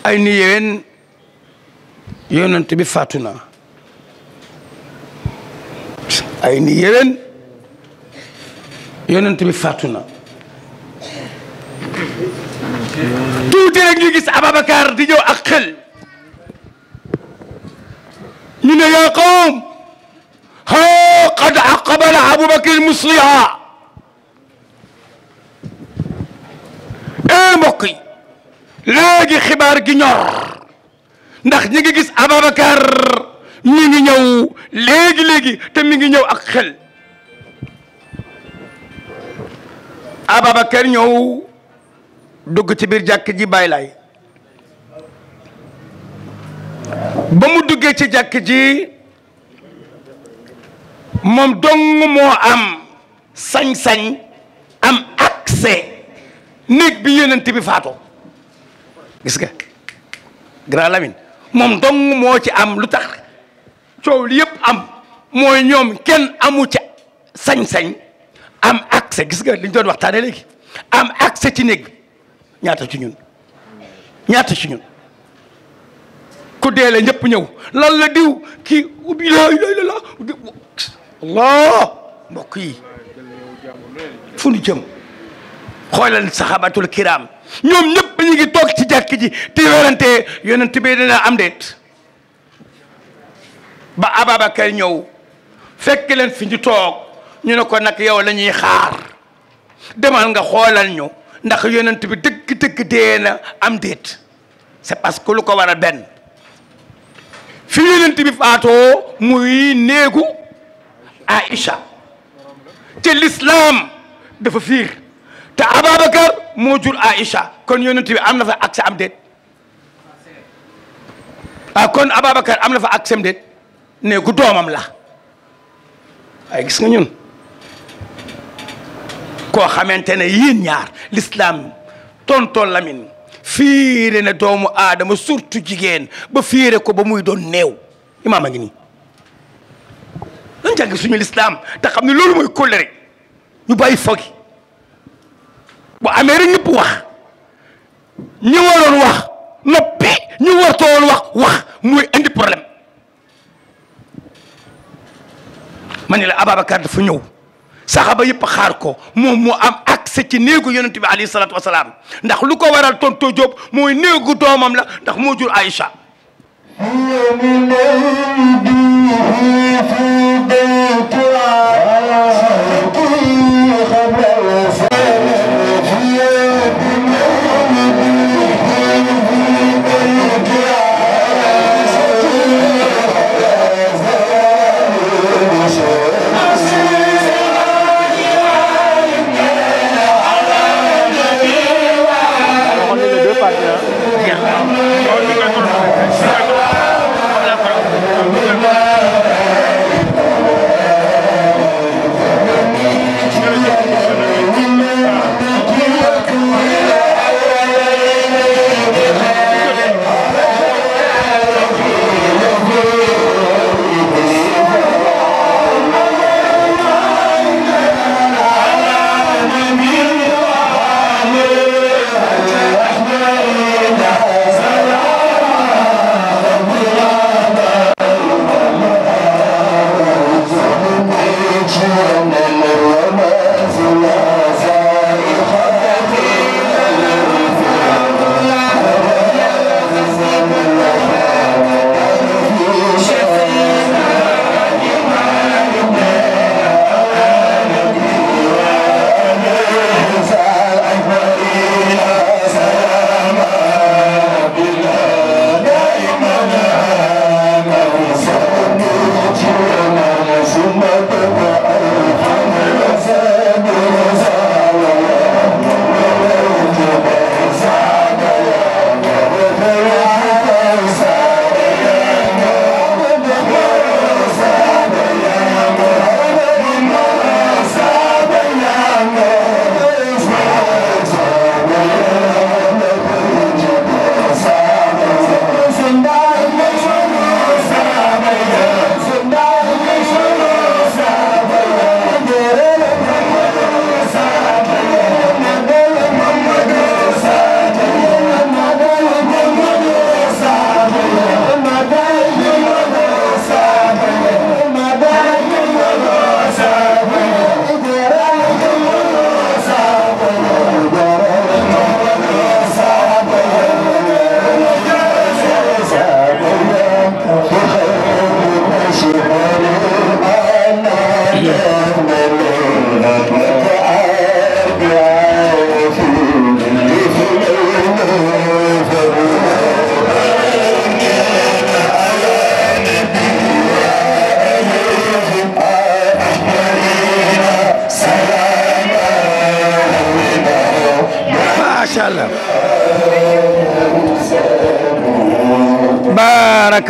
ay ni yéen yonent bi faatu na ay ni yeneen yonent bi fàttu na tuuti rek ñu gis Ababacar di ñëw ak xel ñu ne yaa qawm haa qad aqbala Abubakar musliha ee mbokk yi léegi xibaar gi ñor ndax ñu ngi gis Ababacar mi ngi ñëw léegi léegi te mi ngi ñëw ak xel Ababacar ñëw dugg ci biir jàkk ji bàyyi ba mu duggee ci jàkk ji moom dong moo am sañ-sañ am accès néeg bi yéneen bi faatoo gis nga grand Lamine moom dong moo ci am lu tax coow li yëpp am mooy ñoom kenn amu ca sañ-sañ am accès gis nga li ñu doon waxtaanee léegi am accès ci néeg ñaata ci ñun ñaata ci ñun ku deele ñëpp ñëw lan la diw kii ubbi la la la allah mbokk yi fu ñu jëm xoolal saxaabatul ñoom ñëpp ñu ngi toog ci jàkk ji di werante yonent bi am déet ba Ababacar ñëw fekk leen fi ñu toog ñu ne ko nag yow la ñuy xaar demal nga xoolal ñu ndax yonent bi dëgg dëgg am déet c'est parce que lu ko waral benn fi yonent bi faatoo muy néegu Aïcha te l'islam dafa fiir te Ababacar moo jur kon yonent bi am na fa accès am déet ah kon Ababacar am na fa accès am déet néegu doomam la waaye gis nga ñun koo xamante ne yéen ñaar l'islam tonton Lamine fiire ne doomu aadama surtout jigéen ba fiire ko ba muy doon néew imaam a ngi nii lan suñu l'islam te xam ne loolu mooy kóllëre ñu bàyyi fogi bu amee rek ñëpp wax ñi waroon wax noppi ñi wartoon wax wax muy indi problème ma ne la Ababacar dafa ñëw saxaba yëpp xaar ko moom moo am accès ci néegu yonent bi alayhi salaatu wasalaam ndax lu ko waral tonto Diop mooy néegu doomam la ndax moo jur Aïcha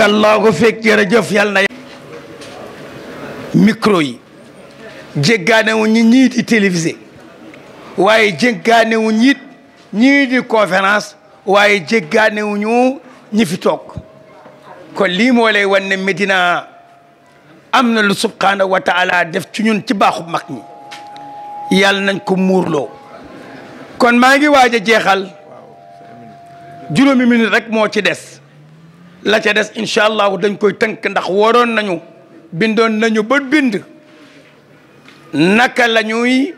baarakallaahu fekk jërëjëf yàlla na micro yi jéggaane wu ñi ñii télévisé waaye jéggaane wu ñit ñii conférence waaye jéggaane wu ñu ñi fi toog kon lii moo lay Medina am na lu subhaanahu wa def ci ñun ci baaxu mag ñi yàlla nañ ko muurloo kon maa ngi waaj a jeexal juróomi minute rek moo ci des la ca des incha allahu dañ koy tënk ndax waroon nañu bindoon nañu ba bind naka la ñuy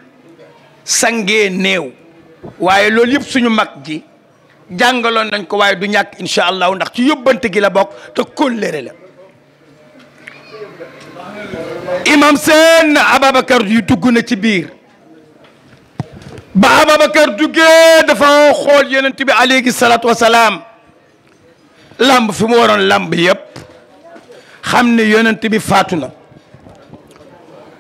sangee néew waaye loolu yëpp suñu mag ji jàngaloon nañ ko waaye du ñàkk incha allahu ndax ci yóbbante gi la bokk te kóllëre la imam seen Ababacar yu dugg na ci biir ba Ababacar duggee dafa xool yonent bi alayhi salaatu wasalaam làmb fi mu waroon làmb yëpp xam ne yonent bi faatu na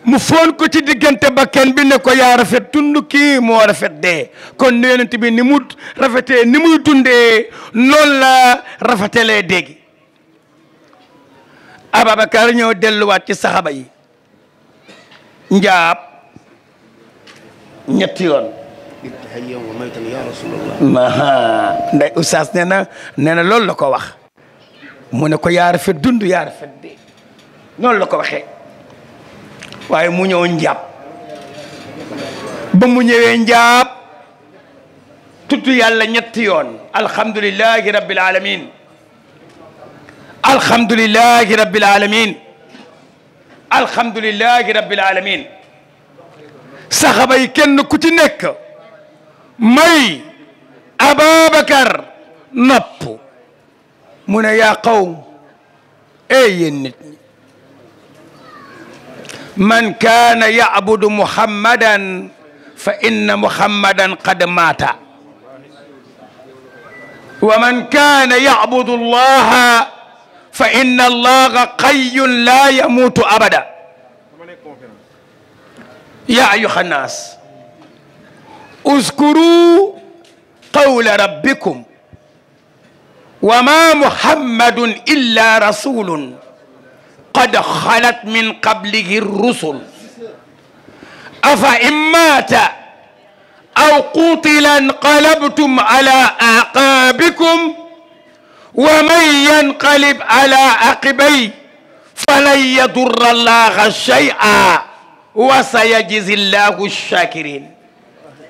mu foon ko ci diggante ba kenn bi ne ko yaa rafet tund kii moo rafet dee kon yonent bi ni mu rafetee ni muy dundee noonu la rafetelee déggi Ababacar ñëw delluwaat ci saxaba yi njaab ñetti yoon itta hayyan wa maytan ya rasulallah nday oustaz nee na nee na loolu la ko wax mu ne ko yaa rafet dund yaa rafet dee noonu la ko waxee waaye mu ñëw njàpp ba mu ñëwee njàpp tudd yàlla ñetti yoon alhamdulilahi rabbil alamin alhamdulilahi rabbil alamin alhamdulilahi rabbil alamin saxaba yi kenn ku ci nekk مي أبا بكر نبو من يا قوم أي النتني من كان يعبد محمدا فإن محمدا قد مات ومن كان يعبد الله فإن الله قي لا يموت أبدا يا أيها الناس اذكروا قول ربكم وما محمد إلا رسول قد خلت من قبله الرسل أفإن مات أو قتل انقلبتم على أعقابكم ومن ينقلب على عقبيه فلن يضر الله شيئا وسيجزي الله الشاكرين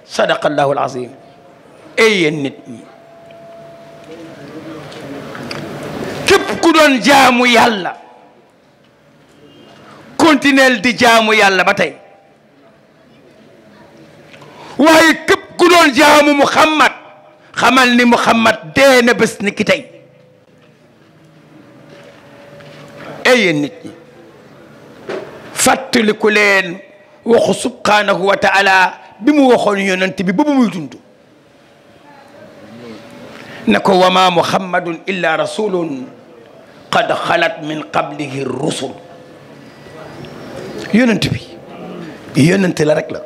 صدق الله العظيم اي نيت كيب كودون جامو يالا كونتينيل دي جامو يالا باتاي واي كيب كودون جامو محمد خمال ني محمد دين بس نيكي اي نيت فاتلكولين وخ سبحانه وتعالى bi mu waxoon yonent bi bu ba muy dund ne ko wama muhammadun illa rasulun qad xalat min qablihi rusul yonent bi yonent la rek la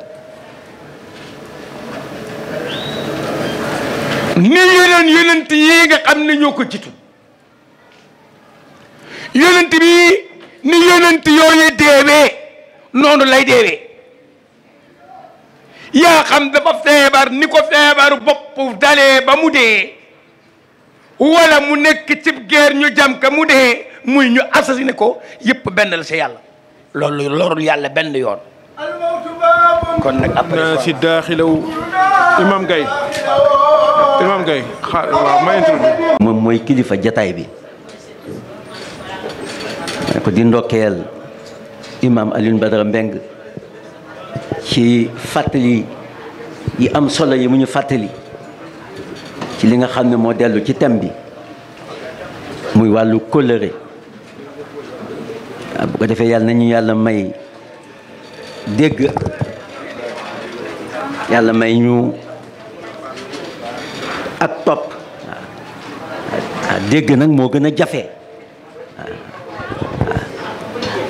ni yeneen yonent yi nga xam ne ñoo ko jitu yonent bi ni yonent yooyu deewee noonu lay deewee yaa xam dafa feebar ni ko feebar bopp dalee ba mu dee wala mu nekk cib guerre ñu jam ka mu dee muy ñu assassiné ko yëpp benn la si yàlla lorul yàlla benn yoon kon nag après si imam gay imam gay xaar waaw ma kilifa jataay bi ko di ndokkeel imam ci fàttali yi am solo yi mu ñu fàttali ci li nga xam ne moo dellu ci thème bi muy wàllu kóllëre ah, bu ko defee yàlla nañu yàlla may dégg yàlla may ñu ak topp ah, ah, dégg nag moo gën a jafe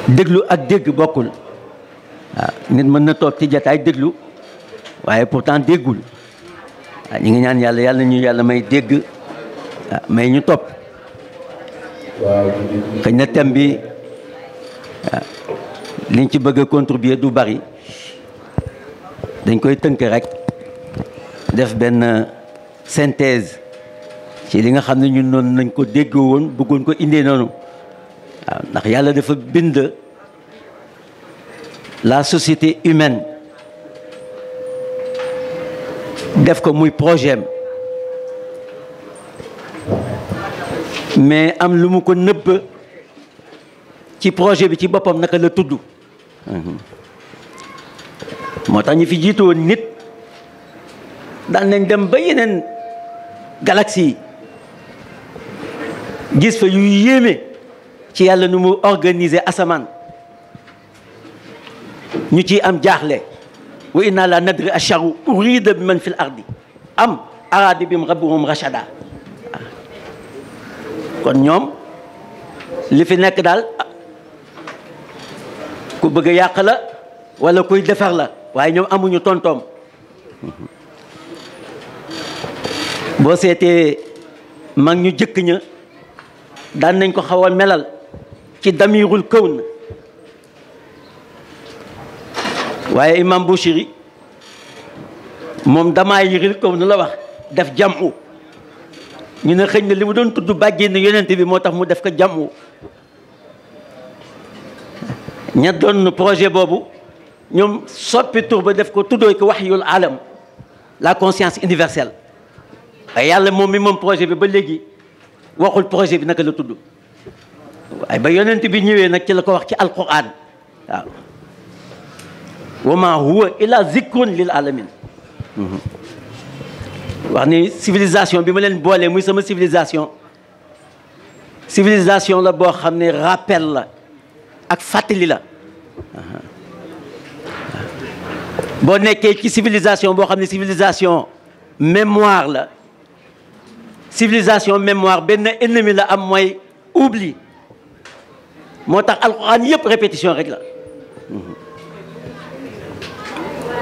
déglu ak dégg bokkul waaw ah, nit mën na toog ci jataay déglu waaye pourtant déggul waaw ah, ñu ngi ñaan yàlla yàlla ñu yàlla may dégg ah, may ñu topp xëy na thème bi liñ ci bëgg contribuer du bari dañ koy tënk rek def benn synthèse ci li nga xam ne ñun noonu nañ ko déggoo woon bëggoon ko indee noonu waaw ndax yàlla dafa bind la société humaine def ko muy projet mais am lu mu ko neub ci projet bi ci bopam naka la tudd moo ñi fi jiitu nit daan nañ dem ba yenen galaxie gis fa yu yéeme ci yalla nu mu organiser asaman نتي أم جاهلة وإنا لا ندري أشعر أريد بمن في الأرض أم أرادي بمغبهم رشدا كون يوم اللي في نك دال كو بغي ياقلا ولا كوي يدفر لا واي نيوم امو نيو تونتوم بو سيتي ماك نيو جيك نيا دان نكو خاوا ملال كي دمير الكون waye imam Bouchiri mom dama yiril ko nula wax def jamu ñu ne xëñ na li mu doon tudd bàjjee yonent bi motax mu def ko jamu ña doon projet bobu ñom soppi tour ba def ko tuddoy ko wahyul alam la conscience universelle ay yàlla mom mi mom projet bi ba legi waxul projet bi naka la tuddu ay ba yonent bi ñëwé nak ci la ko wax ci alquran waaw وما هو ذكر lil C'est une civilisation c'est une civilisation civilisation la C'est une ne rappel la ak civilisation civilisation. civilisation mémoire la civilisation mémoire c'est ennemi la am oubli répétition rek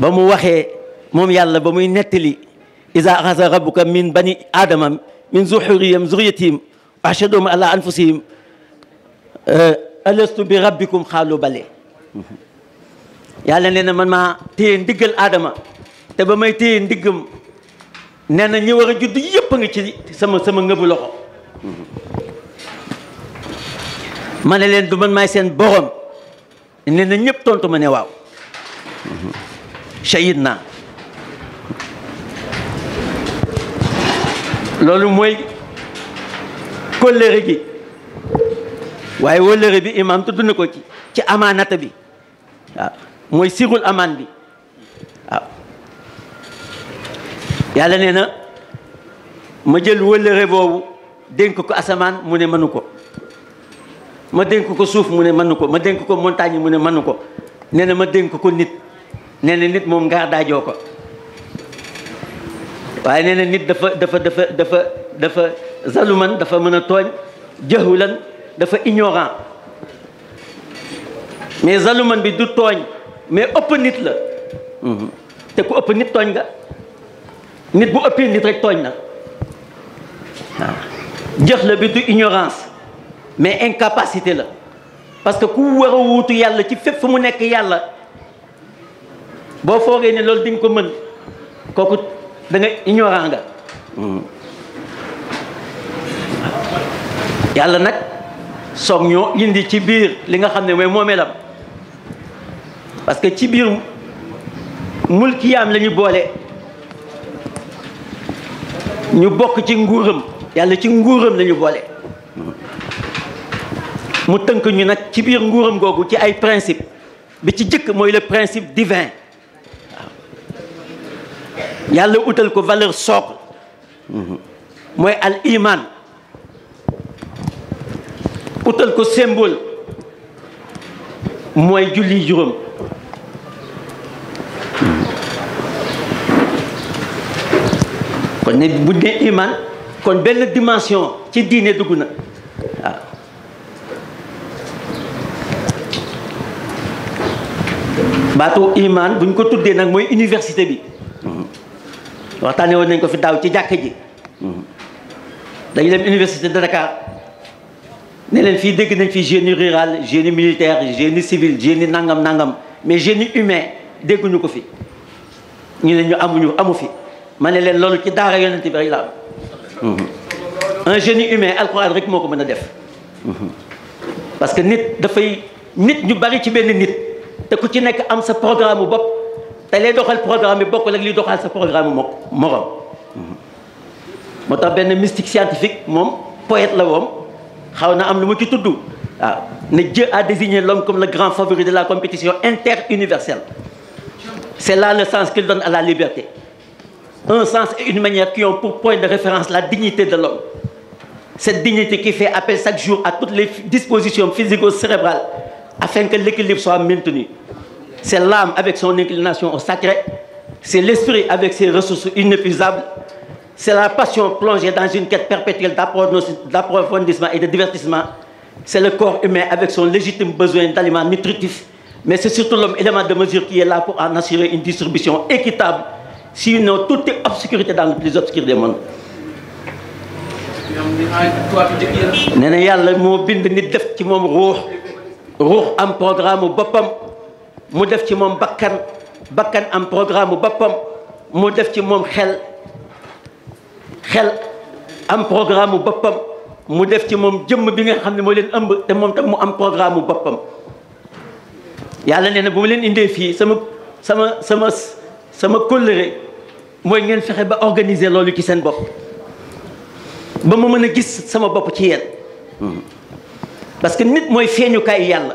bamu waxe mom yàlla bamuy muy iza isa rabbuka min bani adama min zuxuriyam zuriyatihim ashadum ala anfusihim alastu bi rabbikum khalu bale yàlla nee man ma tey ndigal adama te bamay tey téye ndiggam ñi wara judd yep nga ci sama sama ngeub loxo ma leen du man may seen borom nee ñep tontu mané waaw shahidna loolu mooy kóllëre gi waaye wóllëre bi imaam tudd na ko ci ci amaanata bi waaw mooy sirul amaan bi yàlla nee na ma jël wóllëre boobu dénk ko asamaan mu ne mënu ko ma dénk ko suuf mu ne mënu ko ma dénk ko montagne mu ne mënu ko nee ma dénk ko nit nee nit mom nga daajoo ko waaye nee nit dafa dafa dafa dafa dafa zaluman dafa meuna togn jehulan dafa ignorant mais zaluman bi du togn mais ëpp nit la hmm te ku ëpp nit togn nga nit bu ëppee nit rek togn na waaw la bi du ignorance mais incapacité la parce que ku war a yalla ci fépp fu mu nekk yàlla boo foogee ne loolu dinga ko mën kooku da nga ignorant nga yàlla nag soog ñoo indi ci biir li nga xam ne mooy moomeelam parce que ci biir mulkiyaam la boole ñu bokk ci nguuram yàlla ci nguuram lañu boole mu tënk ñu nag ci biir nguuram googu ci ay principe bi ci jëkk mooy le principe divin Yalla utal ko valeur socle moy al iman utal ko symbole moy julli juróom kon ne bu ne iman kon benn dimension ci diine duguna na waaw iman buñ ko tuddee nak moy université bi waxtaane woon nañ ko fi daw ci jàkk ji hmm. dañu dem université de Dakar né leen fi dégg nañ fi génie rural génie militaire génie civil génie nangam nangam mais génie humain dégguñu ko fi ñu ne ñu amuñu amu fi mané ne leen ci daara yonent bi rek la am hmm. un génie humain alxuraan rek moo ko mën def hmm. parce que nit da fay nit ñu bari ci benn nit té ku ci nek am sa programme bop lay programme programme moral. mystique scientifique un poète la Dieu a désigné l'homme comme le grand favori de la compétition interuniverselle c'est là le sens qu'il donne à la liberté un sens et une manière qui ont pour point de référence la dignité de l'homme cette dignité qui fait appel chaque jour à toutes les dispositions physico-cérébrales afin que l'équilibre soit maintenu c'est l'âme avec son inclination au sacré, c'est l'esprit avec ses ressources inépuisables, c'est la passion plongée dans une quête perpétuelle d'approfondissement et de divertissement, c'est le corps humain avec son légitime besoin d'aliments nutritifs, mais c'est surtout l'homme élément de mesure qui est là pour en assurer une distribution équitable, sinon toute est obscurité dans le plus obscur des mondes. nee na yàlla bind nit def ci am programme mu def ci moom bakkan bakkan am programme bappam mu def ci moom xel xel am programme boppam mu def ci moom jëmm bi nga xam ne moo leen ëmb te moom tam mu am programme bappam yàlla nee na bu ma leen indee fii sama sama sama sama kóllëre mooy ngeen fexe ba organiser loolu ci seen bopp ba ma mën a gis sama bopp ci yéen parce que nit mooy feeñukaay yàlla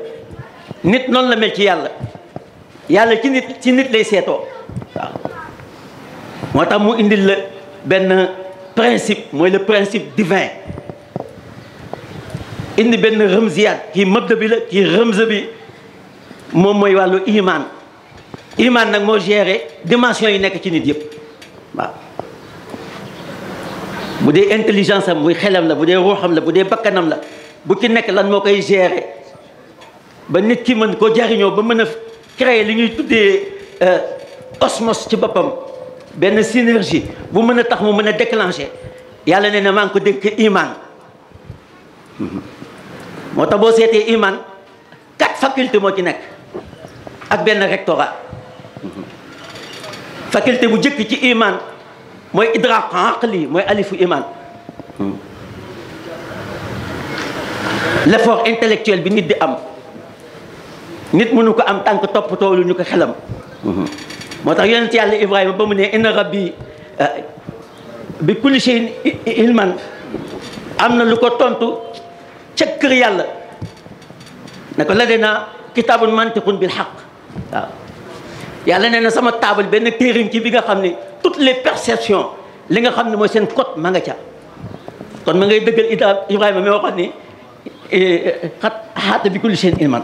nit non la mel ci yalla yàlla ci nit ci nit lay seto waaw moo mu indil la ben principe moy le principe divin indi ben rëmziyaat ki mabda bi la ki rëmza bi mom moy wàllu iman iman nak mo géré dimension yi nek ci nit yep wa budé intelligence am muy xelam la budé dee ruuxam la budé dee bakkanam la bu ci nek lan moo koy géré ba nit ki man ko ba créer li ñuy euh synergie bu déclencher na mm-hmm. iman quatre facultés mo ci nek ak rectorat mm-hmm. faculté bu ci iman moy aqli iman mm-hmm. l'effort intellectuel bi nit di nit mënu ko am tànk toppatoo lu ñu ko xelam motax tax yàlla ibrahima ba mu ne inna rabbi bi kulli shay'in ilman amna na lu ko tontu ci kër yàlla nako la dina kitabun mantiqun bil haqq yàlla neena sama table ben terrain ci bi nga xamni toutes les perceptions li nga xamni moy sen seen code ma nga ca kon ma ngay deugal ibrahima mi waxani ni xat xaata bi kulli shay'in ilman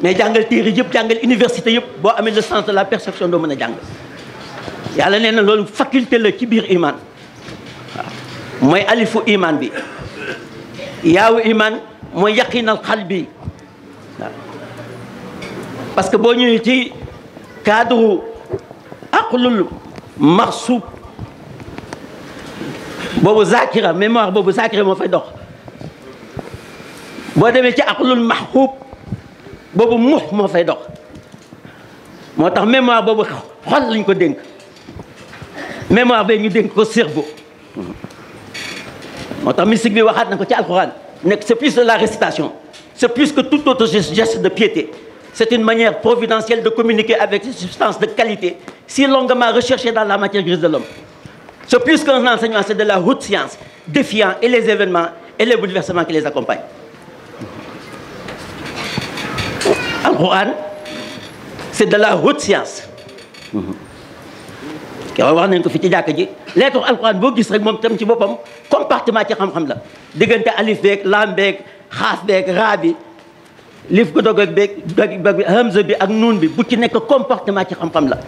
mais jàngal téere yëpp jàngal université yëpp boo amee le sens de la perception doo mën a jàng yàlla nee na lool faculté la ci biir iman mooy alifu iman bi yaawu iman mooy yaqinal xal bi parce que boo ñëwee ci cadre aqlul maxsuub boobu zakira mémoire boobu zakira moo fay dox boo demee ci aqlul maxxuub c'est plus de la récitation c'est plus que tout autre geste de piété c'est une manière providentielle de communiquer avec une substance de qualité si longuement recherchée dans la matière grise de l'homme c'est plus qu'un enseignant, c'est de la haute science défiant et les événements et les bouleversements qui les accompagnent alquran c'est de la haute science. yow wax nañ ko fi ci jàkk ji lettre alquran boo gis rek moom tam ci boppam compartiment ci xam-xam la diggante alif beeg laam beeg xaaf beeg raa bi lif ko dog beeg dog bi hamza bi ak nuun bi bu ci nekk comportement ci xam-xam la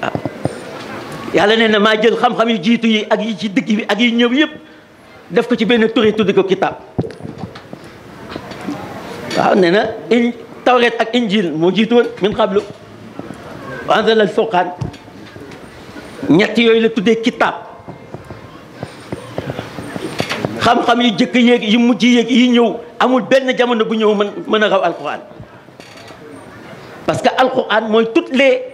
waaw yàlla nee na maa jël xam-xam yu jiitu yi ak yi ci digg bi ak yi ñëw yëpp def ko ci benn turi tuddi ko kitaab waaw nee na tawreet ak injil moo jiitu woon min xablu wa anzala al furqaan ñett yooyu la tuddee kitaab xam-xam yu jëkk yéeg yu mujj yéeg yi ñëw amul benn jamono bu ñëw mën a raw alquran parce que alquran mooy toutes les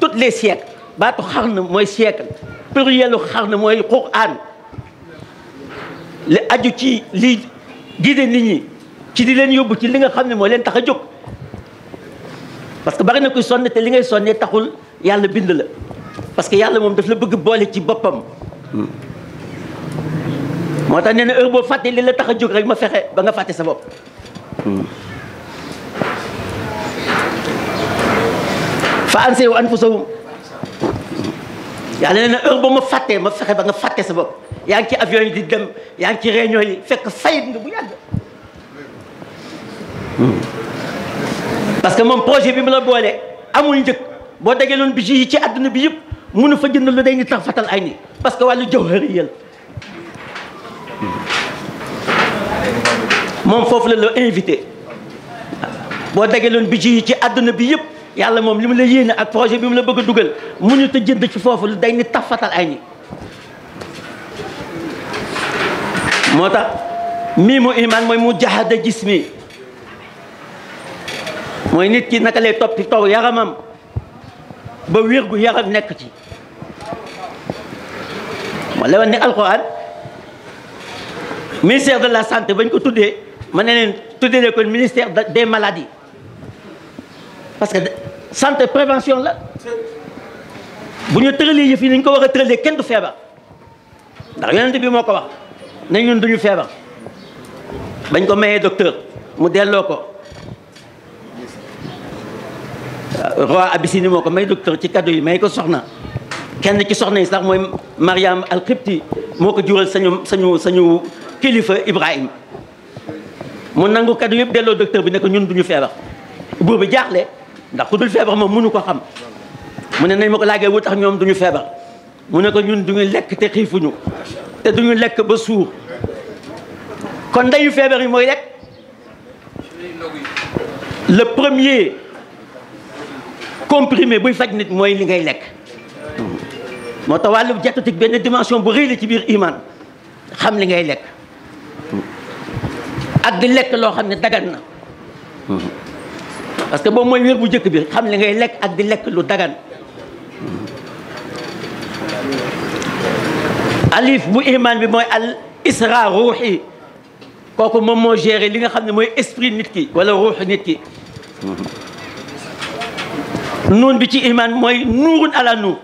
toutes les siècles baatu xarn mooy siècle plurielu xarn mooy quran li aju ci li guide nit ci di leen yóbbu ci li nga xam ne mooy leen tax a jóg parce que bari na kuy sonn te li ngay sonnee taxul yàlla bind la parce que yàlla moom daf la bëgg boole ci boppam moo tax nee na heure boo fàtte li la tax a jóg rek ma fexe ba nga fàtte sa bopp fa ansewu anfusahum yàlla nee na heure boo ma fàttee ma fexe ba nga fàtte sa bopp yaa ngi ci avion yi di dem yaa ngi ci réunion yi fekk fayit nga bu yàgg parce que moom projet bi mu la boole amul njëg boo dajaloon budget yi ci àdduna bi yëpp mënu fa jënd lu day ni tax fatal ay ni parce que wàllu jawhariya la moom foofu la la invité boo dajaloon bi yi ci àdduna bi yëpp yàlla moom li mu la yéene ak projet bi mu la bëgg a dugal mënut a jënd ci foofu lu day ni tax fatal ay ni moo tax mi mu iman mooy mu jahada jismi moy nit ki nakale top topp ci taw yaramam ba wér gu yaram nek ci wala lay wax ne ministère de la santé bagn ko tuddé ma tuddé leen tuddee kon ministère des maladies parce que santé prévention la bu ñu tëralee yëf ni ko waxa teulé tëralee kenn du feebar ndax yonent bi moko wax ne ñun duñu feebar bagn ko mayé docteur mu delloo ko euh, roi abisini moko may docteur ci cadeau yi may ko soxna kenn ci soxna yi sax moy Mariam al qibti moko jural sañu sañu sañu khalifa Ibrahim mu nangu cadeau yeb delo docteur bi ne ko ñun duñu febar buur bi jaaxle ndax xudul febar feebar moom mënu ko xam mu ne nañ ma ko wu tax ñom duñu febar mu ne ko ñun duñu lek te xifuñu te duñu lek ba suur kon ndeyu febar yi moy lek le premier comprimé buy faj nit moy li ngay lek moo tax jettatik ben dimension bu reele ci bir iman xam li ngay lek ak di lek lo xamni ne dagan na parce que bo moy wér bu jekk bi xam li ngay lek ak di lek lu dagan alif bu iman bi moy al isra ruhi koku mom mo gérer li nga xamni moy esprit nit ki wala ruux nit ki Nous bi ci iman moy nous ala nous.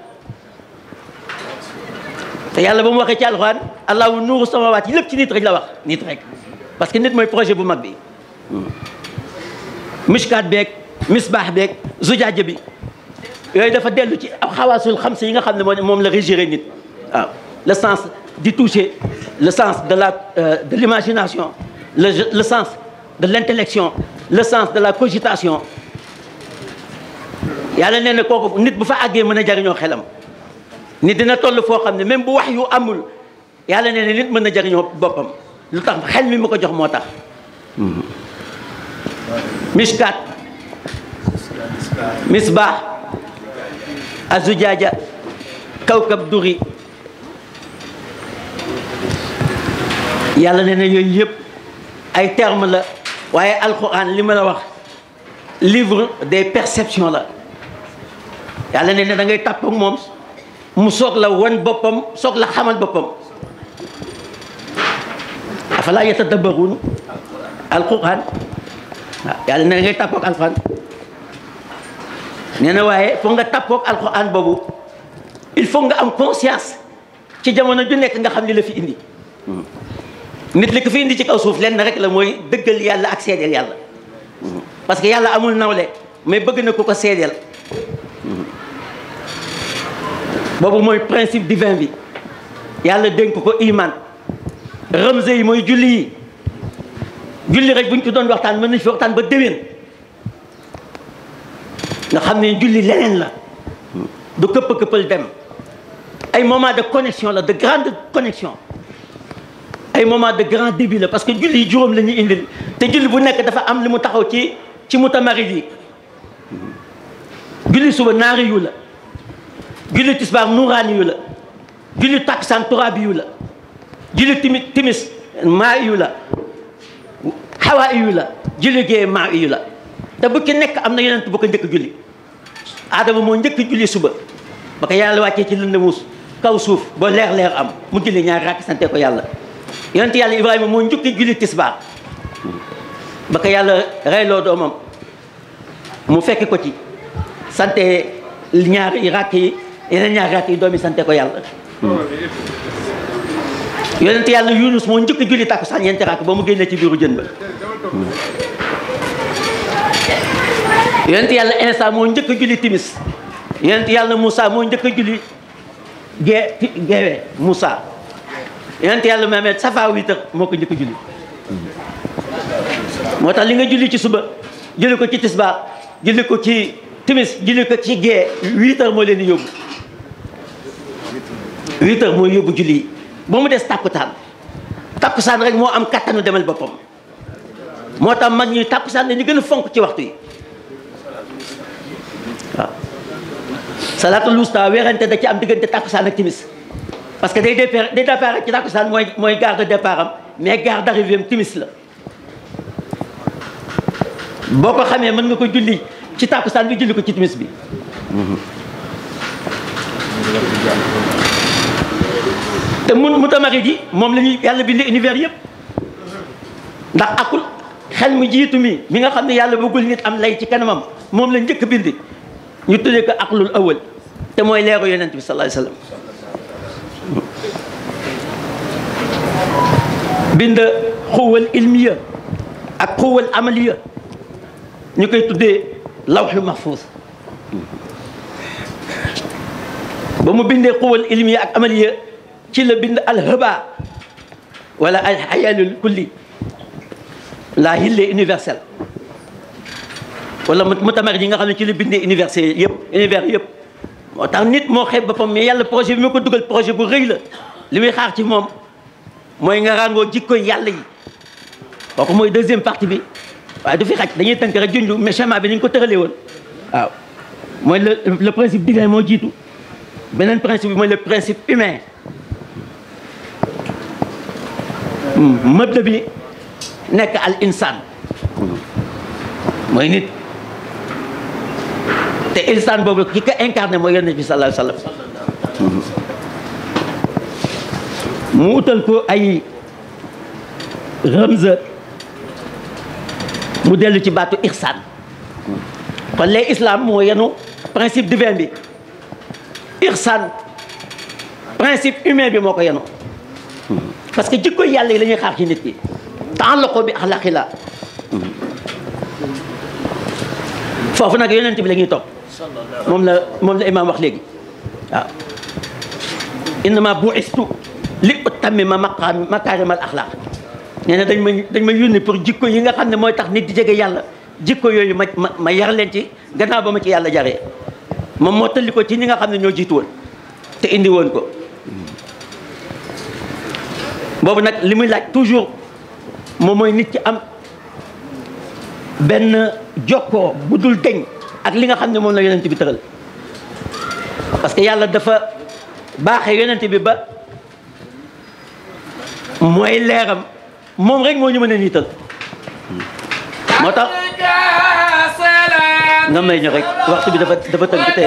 te yalla bamu ci allahu ci nit rek la wax nit rek parce que nit moy projet bu mag bi Bek, beeg Bek, beeg Djebi. bi dafa des ci khawasul nous yi nga mom la nit le sens du toucher le sens de euh, de l'imagination le le sens de l'intellection le sens de la cogitation yàlla neena koku nit bu fa agge meuna a xelam nit dina tollu fo xamne même bu wahyu amul yàlla neena nit meuna a bopam lutax xel mi mako jox motax tax mishkat misbaax azujaaja kawkab duri yàlla neena yoy yooyu ay terme la waye alquran limala wax livre des perceptions la yàlla ne ne da ngay tàpp ak moom mu soog la wan boppam soog la xamal boppam afalaa yatadabbaruun alquran waaw yàlla ne da ngay tàpp ak alquran nee na waaye foog nga tàpp ak alquran boobu il faut nga am conscience ci jamono ju nekk nga xam li la fi indi nit li ko fi indi ci kaw suuf lenn rek la mooy dëggal yàlla ak seedeel yàlla parce que yàlla amul nawle mais bëgg na ku ko seedeel boobu mooy principe divin bi yàlla dénk ko iman ramse yi mooy julli yi julli rek bu ñu ci doon waxtaan mën nañ fi waxtaan ba déwén nga xam ne julli leneen la du këpp-këppal dem ay moment de connexion la de grande connexion ay moment de grand début la parce que julli yi juróom la ñuy indil te julli bu nekk dafa am li mu taxaw ci ci mutamarid yi julli suba naari julli tisbaar nuuraani yu la julli takkusaan turaabi yu la julli timi timis maa yu la xawaa yu la julli gee maa yu la te bu nekk am na yonent bu ko njëkk julli aadama moo njëkk julli suba ba ko yàlla wàccee ci lëndëmuus kaw suuf ba leer leer am mu julli ñaar rakk sante ko yàlla yonent yàlla ibrahima moo njëkki julli tisbaar ba ko yàlla reyloo doomam mu fekk ko ci sante ñaari rakk yeneen ñaar raat yi doomi sante ko yàlla yonent hmm. yàlla yunus moo njëkk julli tàkku sax ñeenti rakk ba mu génnee ci biiru jën ba yonent yàlla insa julli timis yonent yàlla Musa moo njëkk julli Ge geewee Musa. yonent yàlla mamet safa wiitar moo ko njëkk julli moo tax li nga julli ci suba julli ko ci tisbaar julli ko ci timis julli ko ci ge wiitar moo leen huit heures mooy yóbbu julli ba mu des tàkkusaan tàkkusaan rek moo am kattanu demal boppam moo tax mag ñuy tàkkusaan dañu gën a fonk ci waxtu yi waaw salaatul wusta weerante da ci am diggante tàkkusaan ak timis parce que day départ day départ ci tàkkusaan mooy mooy gare de départ am mais gare d'arrivée timis la boo ko xamee mën nga ko julli ci tàkkusaan bi julli ko ci timis bi te mun mutamarid yi moom la ñuy yàlla bindee univers yëpp ndax akul xel mu jiitu mi mi nga xam ne yàlla bëggul nit am lay ci kanamam moom la njëkk bind ñu tuddee ko aklul awal te mooy leeru yonent bi sallallahu alayhi wasallam bind xuwal ilmiya ak xuwal amaliya ñu koy tuddee lawxu mahfuus ba mu bindee xuwal ilmiya ak amaliya ci la bind alheba wala alxayanul kulli la hille universelle wala mu tamer yi nga xam ne ci la bindee université yëpp univers yëpp moo tax nit moo xeeb boppam mais yàlla projet bi ma ko dugal projet bu rëy la li muy xaar ci moom mooy nga ràngoo jikko yàlla yi kooku mooy deuxième partie bi waaye du fi xaj dañuy tënk rek junj mais schéma bi ni ñu ko tëralee woon waaw mooy le le principe divin moo jiitu beneen principe bi mooy le principe humain mëbda bi nekk al insaan mooy nit te insaan boobu ki ko incarné mooy yonent bi sallallahu alayhi wasallam mu utal ko ay ramza mu dellu ci baatu ihsaan kon lee islam moo yenu principe divin bi ihsaan principe humain bi moo ko yenu parce que jikko yàlla yi la ñuy xaar ci nit ki taallaqu bi axlaqi la foofu nag yonent bi la ñuy topp moom la moom la imaam wax léegi waaw innama bu'istu li utammima maqaam makaarimal axlaq nee na dañ ma dañ ma yónni pour jikko yi nga xam ne mooy tax nit di jege yàlla jikko yooyu ma ma ma yar leen ci gannaaw ba ma ci yàlla jaree moom moo tali ko ci ñi nga xam ne ñoo jiitu woon te indi woon ko boobu nag li muy laaj toujours moom mooy nit ki am benn jokkoo bu dul deñ ak li nga xam ne moom la yonent bi tëral parce que yàlla dafa baaxee yonent bi ba mooy leeram moom rek moo ñu mën a niital moo tax nga may ñu rek waxtu bi dafa dafa tënk tey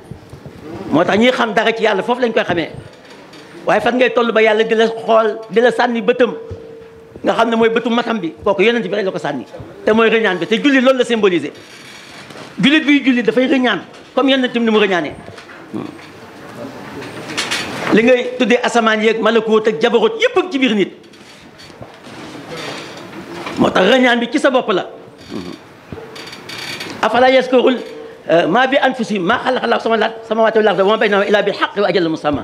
moo tax ñuy xam dara ci yàlla foofu lañ koy xamee waaye fan ngay toll ba yàlla di la xool di la sànni bëtam nga xam ne mooy bëtu matam bi kooku yonent bi rek la ko sànni te mooy rëñaan bi te julli loolu la symbolisé jullit bi julli dafay rëñaan comme yonent bi ni mu rëñaanee hmm. li ngay tuddee asamaan yeeg malakoot ak jabaroot yépp ak ci biir nit moo tax rëñaan bi ci sa bopp la hmm. afala yaskurul آه، ما بانفسي ما خلق الله سما سما الارض وما بينهم الا بالحق واجل المسمى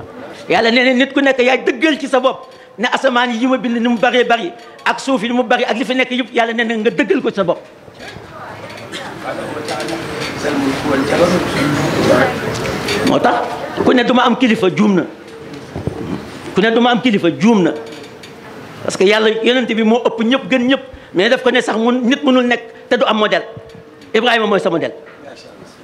يالا نيت كو نيك يا دغال سي سبب ن اسمان يي مبل نم باري باري اك سوفي مو باري اك لفي نيك يوب يالا نين nga دغال كو سبب موتا كو ني دوما ام كليفه جومنا كو ني دوما ام كليفه جومنا باسكو يالا يوننتي بي مو اوب نييب غن نييب مي داف كو ني ساخ نيت مونول نيك تدو ام موديل ابراهيم موي سا موديل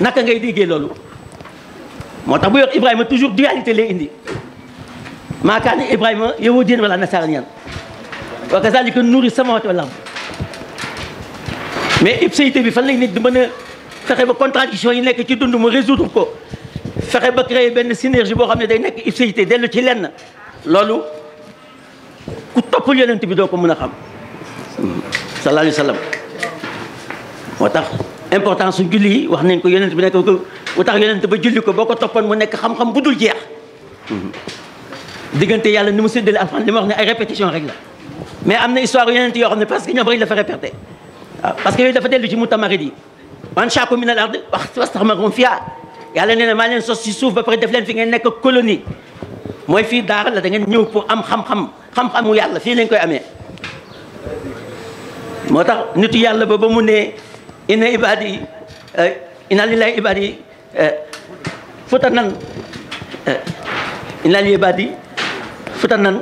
naka ngay déggee loolu moo tax bu yor Ibrahima toujours dualité lay indi maa kaana Ibrahima yahudiyan wala nasaraniyan wa kazalika nuuri samawati wal ard mais ipséité bi fan lañ nit di mën a fexe ba contradiction yi nekk ci dund mu résoudre ko fexe ba créer benn synergie boo xam ne day nekk ipséité dellu ci lenn loolu ku toppul yonent bi doo ko mën a xam sallallahu alayhi wa tax important su julli wax nañ ko yonent bi nekk bu tax yonent ba julli ko boko ko mu nek xam-xam budul jeex mhm. diggante yalla ni mu seddel alfan li ma wax ni ay répétition rek la mais amna histoire yonent yo xamne parce que ñoom rek la fa répété parce que yooyu dafa dellu ci mutamarid yi man shaakum min al ard wax wastaxmarakum fiha yàlla yalla na ma leen sos ci souf ba pare def leen fi ngeen nek colonie moy fi daara la da ngeen ñew pour am xam-xam xam-xamu yalla fi lañ koy amé motax tax nitu yàlla ba ba mu né inna ibadi eh, inna lillahi ibadi eh, futanan eh, inna lillahi ibadi futanan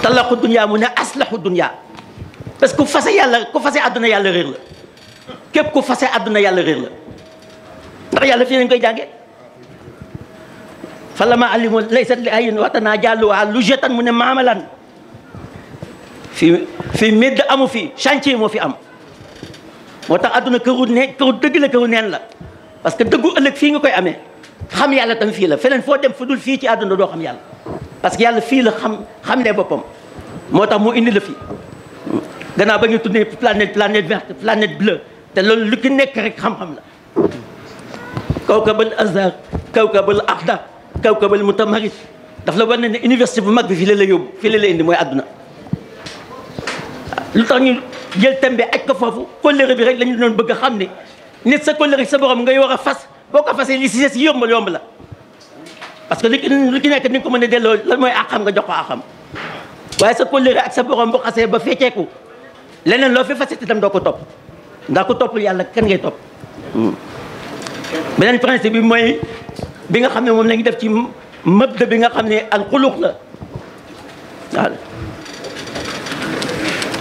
talaqu dunya mu ne aslahu dunya parce que ku fase yàlla ku fase àdduna yàlla réer la képp ku fase àdduna yàlla réer la ndax yàlla fii lañ koy jànge fa lama alimu laysat li ayin watana jàlluwaa lu jetan mu ne maamalan fi fi médd amu fi chantier moo fi am moo tax àdduna këru ne këru dëgg la këru neen la parce que dëggu ëllëg fii nga koy amee xam yàlla tam fii la feneen foo dem fu dul fii ci àdduna doo xam yàlla parce que yàlla fii la xam xam ne boppam moo tax mu indi la fii gannaaw ba ñu tuddee planète planète verte planète bleue te loolu lu ki nekk rek xam-xam la kawkabal azhar kawkabal axdar kawkabal mutamaris daf la war ne ne université bu mag bi fii la la yóbbu fii la la indi mooy àdduna lu tax ñu jël tembe ak ko foofu kóllëre bi rek lañu doon bëgg a xam ni nit sa kóllëre sa borom ngay war a fas boo ko fasee li si des yomb yomb la parce que li li ki nekk ni nga ko mën a delloo lan mooy àqam nga jox ko àqam waaye sa kóllëre ak sa borom bu xasee ba fecceeku leneen loo fi fas itam doo ko topp ndax ku toppul yàlla kan ngay topp hmm. beneen principe bi mooy bi nga xam ne moom la ñu def ci mëbda bi nga xam ne alxuluq la waaw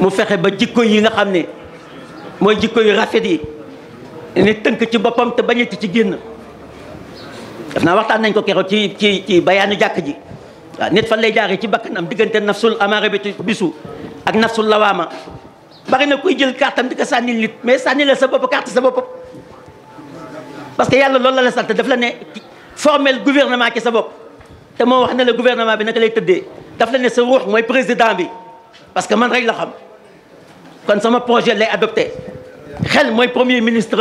mu fexe ba jikko yi nga xam ne mooy jikko yu rafet yi ne tënk ci boppam te bañati ci génn daf naa waxtaan nañ ko keroog ci ci ci bayaanu jàkk ji waaw nit fan lay jaaree ci bakkanam diggante nafsul amaare bi ci bisu ak nafsul lawaama bari na kuy jël kartam di ko sànni nit mais sànni la sa bopp carte sa bopp parce que yàlla loolu la la sant daf la ne formel gouvernement ki sa bopp te moo wax ne la gouvernement bi naka lay tëddee daf la ne sa ruux mooy président bi parce que man rek la xam quand sama projet lay adopté xel mooy premier ministre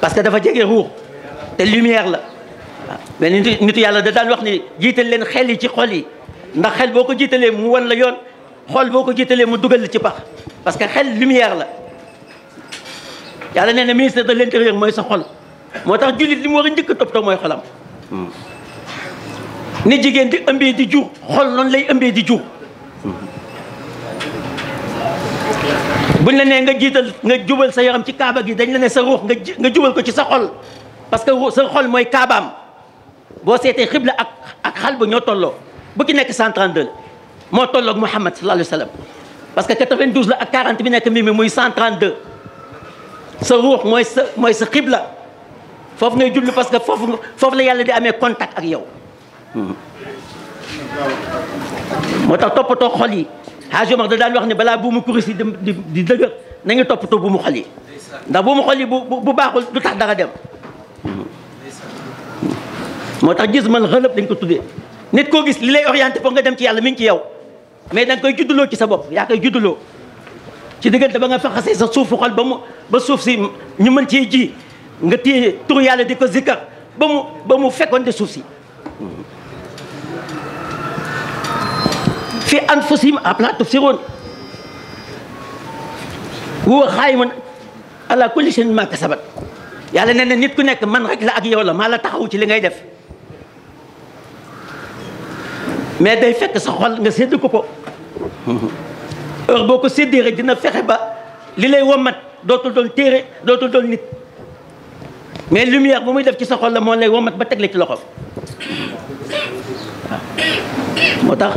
parce que dafa jege roux té lumière la mais nit nitu yàlla da daan wax ni jiital leen xel ci xol yi ndax xel boko ko mu wan la yoon xol boko ko mu dugal ci pax parce que xel lumière la yalla nee na ministre de l'intérieur moy sa xol motax djulit jullit li mu war a njëkk toppatoo mooy xolam hmm. ni jigen di ëmbé di djou xol non lay ëmbé di djou hmm. buñ la nee nga jiital nga jubal sa yaram ci kaaba gi dañ la ne sa ruux nga nga jubal ko ci sa xol parce que sa xol mooy kaabaam boo seetee xibla ak ak ba ñoo tolloo bu ki nekk 132 moo tolloog Muhammad sallallahu alayhi wa sallam parce que 92 la ak 40 bi nekk mi mi muy 132 sa ruux mooy sa mooy sa xibla foofu ngay jublu parce que foofu foofu la yàlla di amee contact ak yow hmm. moo tax toppatoo xol yi Haaj Omar da daan wax ne balaa buumu kurus yi di di dëgër nañu toppatoo buumu xol yi ndax buumu xol yi bu bu baaxul du tax dara dem moo tax gis man xëlëb dañ ko tuddee nit koo gis li lay orienté foog nga dem ci yàlla mi ngi ci yow mais da nga koy judduloo ci sa bopp yaa koy judduloo ci diggante ba nga faxasee sa suufu xol ba mu ba suuf si ñu mën cee ji nga téye tur yàlla di ko zikkar ba mu ba mu fekkoon suuf si في أنفسهم ابلا تفسرون هو خايم على كل شيء ما كسبت yàlla nee نيت nit ku nekk man rek la ak yow la maa la taxaw ci li ngay def mais day nga sédd ko ko heure boko seddi rek dina fexe ba li lay womat dotul don téré dotul don nit mais lumière bu muy def ci sa xol la mo lay womat ba tek la ci loxof motax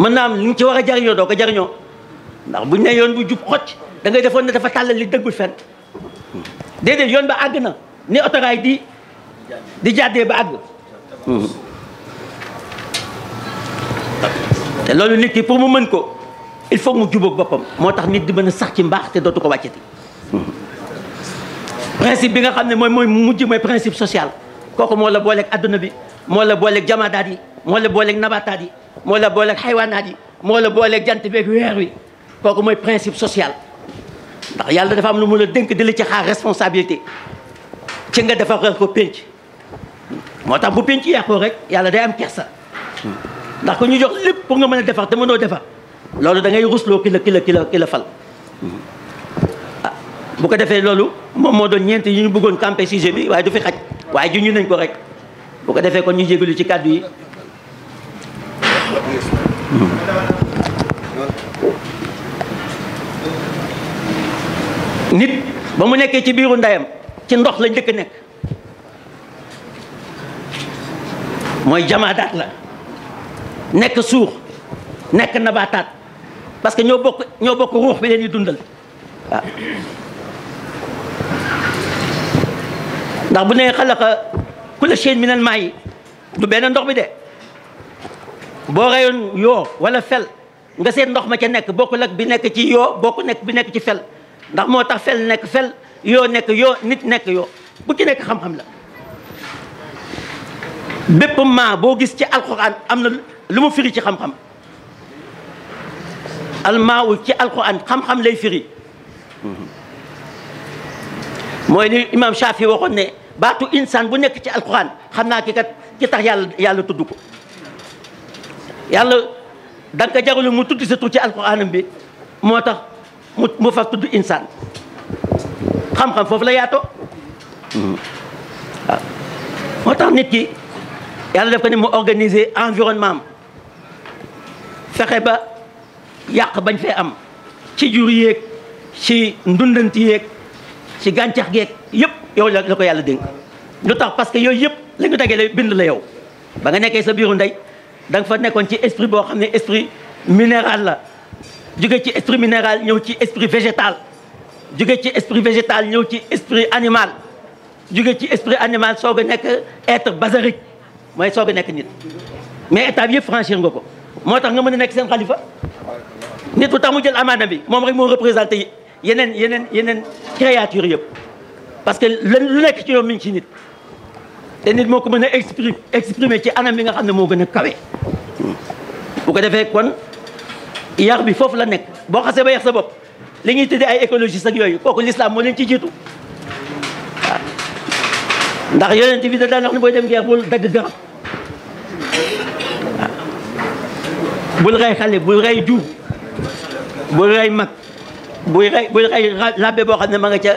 mën naa am li nga ci war a jariñoo doo ko jariñoo ndax buñ ne yoon bu jub xocc da ngay defoon ne dafa tàllal li dëggul fenn déedéet yoon ba àgg na ni otoraay di di jàddee ba àgg te loolu nit ki pour mu mën ko il faut mu jubóog boppam moo tax nit di mën a sax ci mbaax te dootu ko wàccati principe bi nga xam ne mooy mooy mujj mooy principe social kooku moo la booleeg adduna bi moo la booleeg jamaadaat yi moo la booleeg nabataat yi moo la booleeg xaywaanaat yi moo la booleeg jant beeg weer wi kooku mooy principe social ndax yàlla dafa am lu mu la dénk di la ci xaar responsabilité ci defar defaral ko penc moo tax bu pénc yàqoo rek yàlla day am kersa ndax ku ñu jox lépp pour nga mën a defar te mënoo defar loolu da ngay rusloo ki la ki la ki fal ah, bu ko defee loolu moom moo doon ñeent yi ñu bëggoon campé sujet bi waaye du fi xaj waaye ju ñu nañ ko rek bu ko defee ko ñu jégalu ci kàddu yi nit ba mu nekkee ci biiru ndeyam ci ndox la njëkk nekk mooy jamaadaat la nekk suux nekk nabaataat parce que ñoo bokk ñoo bokk ruux bi leen di dundal ndax bu nee xalaqa كل شيء من الماء du benn ndox bi de boo reyoon yoo wala fel nga seet ndox ma ca nekk bokkul ak bi nekk ci yoo bokku nekk bi nekk ci fel ndax moo tax fel nekk fel yoo nekk yoo nit nekk yoo bu ci nekk xam-xam la bépp maa boo gis ci alquran am na lu mu firi ci xam-xam almaawu ci alquran xam-xam lay firi mooy li imam Shafi waxoon ne baatu insaan bu nekk ci alquran xam naa ki kat ki tax yàlla yàlla tudd ko yàlla da nga mu tudd sa tur ci alquranam bi moo tax mu mu fas tudd insaan xam-xam foofu la yaatoo waaw hmm. ah. moo tax nit ki yàlla def ko ni mu organise environnement fexe ba yàq bañ fee am ci jur yéeg ci ndundanti yéeg ci gàncax geeg yépp yow la ko yàlla dénk lutax parce que yooyu yëpp la ñu dajale bind la yow ba nga nekkee sa biiru ndey da nga fa nekkoon ci esprit boo xam ne esprit minéral la jóge ci esprit minéral ñëw ci esprit végétal jóge ci esprit végétal ñëw ci esprit animal jóge ci esprit animal soog a nekk être basarique mooy soog a nekk nit mais étape yëpp franchir nga ko moo tax nga mën a nekk seen xalifa nit bu tax mu jël amaana bi moom rek moo représenté yeneen yeneen yeneen créature yëpp parce que lu nek ci yow mi ci nit te nit moko mëna exprimer exprimer ci anam bi nga xamne mo gëna kawé bu ko défé kon yar bi fofu la nek bo xasse ba yar sa bop li ñuy tëddee ay écologistes ak yooyu kooku l'islam mo leen ci jitu ndax yonent bi da daan wax ne booy dem guerre bu dag garab bul rey xalé bu rey jur bu rey mak bu rey bu rey labbe bo xamne ma nga ca.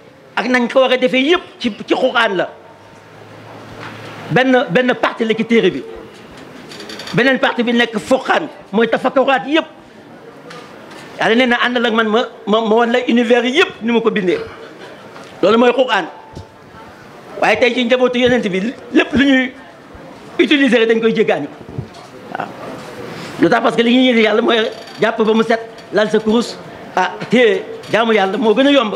ak nañ ko war a defee yëpp ci ci xuraan la benn benn partie la ci téere bi beneen partie bi nekk furqaan mooy tafakkuraat yëpp yàlla neen na àndal man ma ma ma wan la univers yëpp ni ma ko bindee loolu mooy xuraan waaye tey ci njabootu yonent bi lépp lu ñuy utiliser dañ koy jéggaani ko waaw lu tax parce que li ñuy yéene yàlla mooy jàpp ba mu set lal sa kurus ah téye jaamu yàlla moo gën a yomb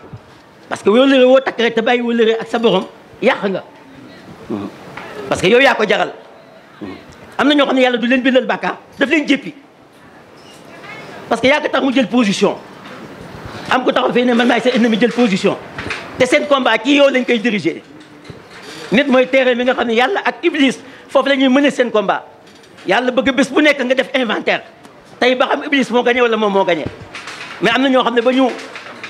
parce que wóllëre woo takk rek te bàyyi wóllëre ak sa borom yàq nga parce que yow yaa ko jaral am na ñoo xam ne yàlla du leen bindal bàkkaar daf leen jéppi parce que yaa ko tax mu jël position am ku taxaw fee ne man maay sa ennemi jël position te seen combat ci yow lañ koy diriger nit mooy terrain bi nga xam ne yàlla ak iblis foofu la ñuy mëne seen combat yàlla bëgg bés bu nekk nga def inventaire tey ba xam iblis moo gagné wala moom moo gagné mais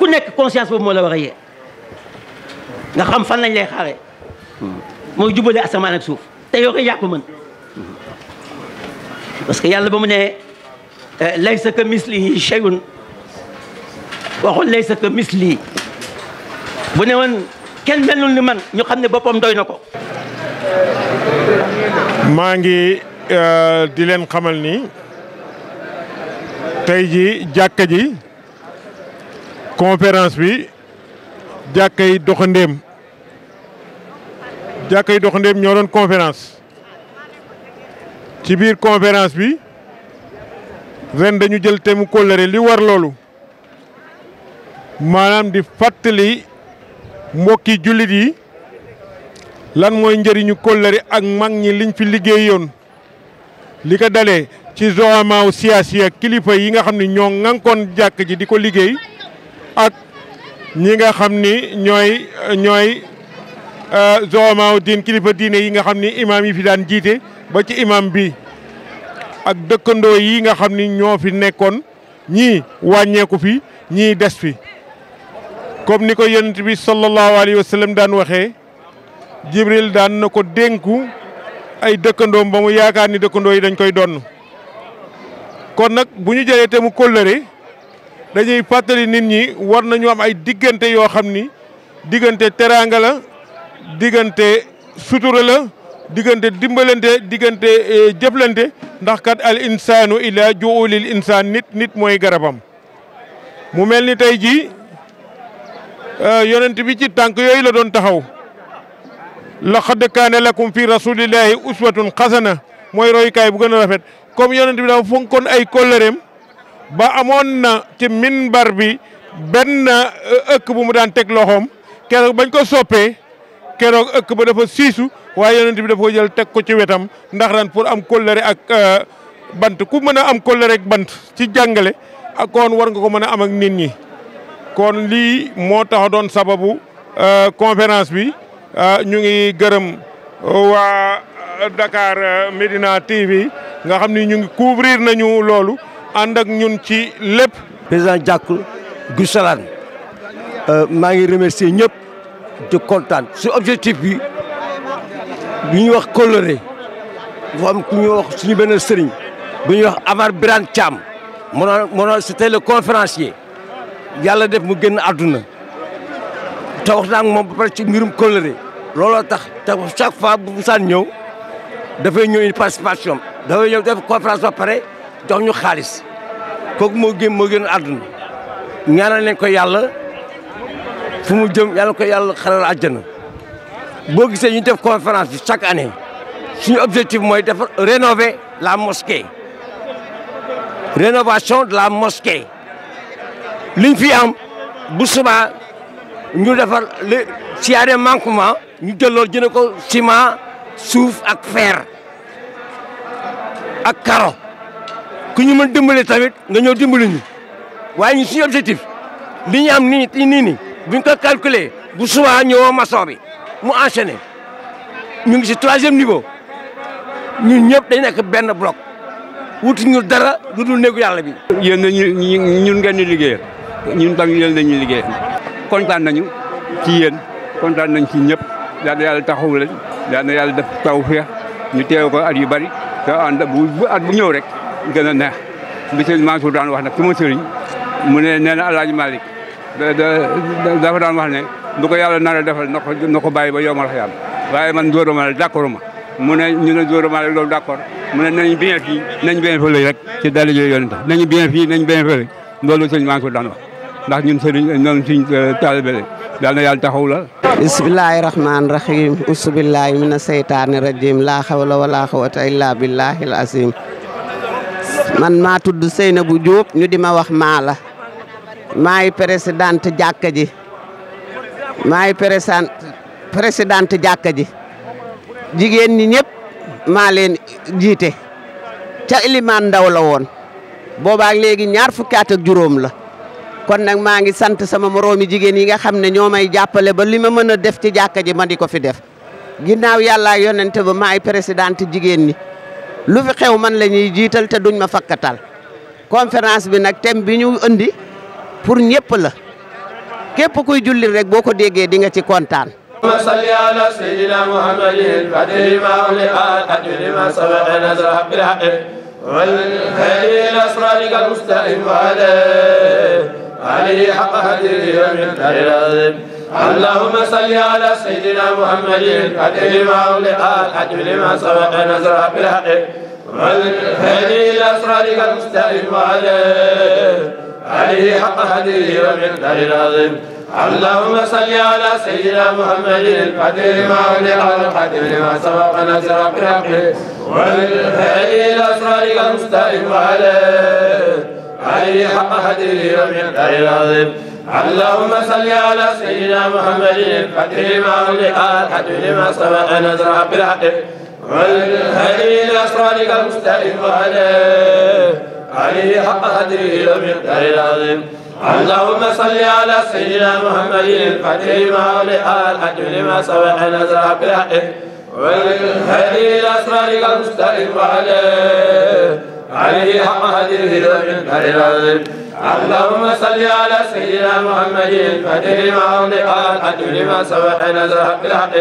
ku nekk conscience boobu moo la war a yee nga xam fan lañ lay xaaree moo jubale asamaan ak suuf te yore yaa mën parce que yàlla ba mu ne euh, laysa ka mislihi shay'un waxul laysa ka mislihi bu ne woon kenn melul ni man ñu xam ne boppam doy na ko maa ngi euh, di leen xamal nii tey ji jàkka ji conférence bi jàkkay doxandéem yi doxandéem ñoo doon conférence ci biir conférence bi ren dañu jël te mu kóllëre li war loolu maanaam di fàttali mbokki jullit yi lan mooy njëriñu kóllëre ak mag ñi liñ fi yoon li ko dalee ci zoamaaw siyaasi ak kilifa yi nga xam ni ñoo ŋànkoon jàkk ji di ko liggéey ak ñi nga xam ni ñooy ñooy euh, zoomaaw diin kilifa diine yi nga xam ni imaam yi fi daan jiite ba ci imaam bi ak dëkkandoo yi nga xam ni ñoo fi nekkoon ñii wàññeeku fi ñii des fi comme ni ko yonent bi sallallahu alayhi daan waxee jibril daan na ko dénku ay dëkkandoom ba mu yaakaar ni dëkkandoo yi dañ koy donn kon nag bu ñu jëlee te mu kóllëre dañuy fàttali nit ñi war nañu am ay diggante yoo xam ni diggante teraangala diggante sutura diggante dimbalante diggante eh, jëflante ndax kat al insaanu ila juulil insaan nit nit mooy garabam mu mel ni tey jii eh, yonent bi ci tànk yooyu la doon taxaw laqad kaana lakum fi rasulillahi uswatun xasana mooy royukaay bu gën a rafet comme yonent bi dafa fonkoon ay kollereem ba amoon na ci bar bi benn e, ëkk bu mu daan teg loxoom keroog bañ ko soppee keroog ëkk ba dafa siisu waaye yonent bi dafa ko jël teg ko ci wetam ndax ran pour am kóllëre ak e, bant ku mën a am kóllëre ak bant ci jàngale ak kon war nga ko mën a am ak nit ñi kon lii moo tax doon sababu e, conférence bi ñu ngi gërëm waa Dakar Médina TV nga xam ni ñu ngi couvrir nañu loolu ànd ak ñun ci lépp. président Diack Guy Salane euh, maa ngi remercier ñëpp di kontaan si objectif bi bi ñuy wax coloré dafa am ku ñuy wax suñu benn sëriñ bu ñuy wax Amar Birane Thiam mono si c'était le conférencier yàlla def mu génn àdduna te wax naa moom ba pare ci mbirum coloré looloo tax te chaque fois bu mu ñëw dafay ñëw une participation dafay ñëw def conférence ba pare. jox ñu xaalis kooku moo gën moo gën àdduna ñaanal leen ko yàlla fu mu jëm yàlla ko yàlla xaral àjjana boo gisee ñu def conférence bi chaque année suñu objectif mooy defar rénover la mosquée rénovation de la mosquée liñ fi am bu subaa ñu defar le s'il y ñu jël loolu jëne ko ciment suuf ak fer ak carreau ku ñu mën dimbali tamit nga ñëw dimbali ñu waaye ñu suñu objectif li am nii nii nii buñ ko calculer bu subaa ñëwoo maçon bi mu enchaîné ñu ngi si troisième niveau ñun ñëpp dañ nekk benn bloc wutuñu dara lu dul néegu yàlla bi. yéen nañu ñun ngeen di liggéey ñun tam yéen nañu liggéeyal kontaan nañu ci yéen kontaan nañ ci ñëpp yal na yàlla taxawu leen yal yàlla def taw féex ñu teew ko at yu bari te ànd bu at bu ñëw rek. gën a neex bi sëriñ Mansour daan wax nag su ma sëriñ mu ne nee na Alaaji Malick dafa daan wax ne bu ko yàlla nar a defal na ko na ko bàyyi ba yomal xiyam waaye man Dóor Malick d'accord ma mu ne ñu ne Dóor Malick loolu d'accord mu ne nañ bien fii nañ bien fële rek ci dara jooy yoon tax nañ bien fii nañ bien fële loolu sëriñ ndax ñun sëriñ ñoom suñ taalibe la daal na yàlla taxaw la bismillahi rahmaani rahim usubillahi mina seytaani rajim laa xawla wala xawata illa billahi al azim man maa tudd bu Diop ñu di ma wax maa la maay présidente jàkka ji maay présidente présidente jàkka ji jigéen ñi ñëpp maa leen jiite ca Ilimaan Ndaw la woon boobaak léegi ñaar fukki at ak juróom la kon nag maa ngi sant sama moroomi jigéen yi nga xam ne ñoo may jàppale ba li ma mën a def ci jàkka ji ma di ko fi def ginnaaw yàlla yonente ba maay présidente jigéen ñi lu fi xew man la ñuy jiital te duñ ma fakkatal conférence bi nag thème bi ñu indi pour ñëpp la képp kuy jullit rek boo ko déggee dinga ci kontaan. صل على سيدنا محمد الفاتح لما أغلق الأجر لما سبق نزل حق الحق والخير إلى صراطك المستقيم وعليه عليه حق هديه اللهم صل على سيدنا محمد الفاتح لما أغلق الحج لما سبق نزرع بالحق والهدي إلى أسرارك المستقيم وعلى عليه حق هديه ومن العظيم اللهم صل على سيدنا محمد الفاتح لما أغلق الحج لما سبق نزرع بالحق والهدي إلى أسرارك المستقيم وعلى عليه حق هديه ومن العظيم اللهم صل على سيدنا محمد الفتح لما ولقى الحج لما سمع نزرع بالحق والهدي إلى صالح المستقيم وعلى عليه حق قدره ومقدار العظيم اللهم صل على سيدنا محمد الفتح لما ولقى الحج لما سمع نزرع بالحق والهدي إلى صالح المستقيم وعلى عليه حق قدره ومقدار العظيم اللهم صل على سيدنا محمد الفاتح لما أغلق الحج لما سبق نزل الحق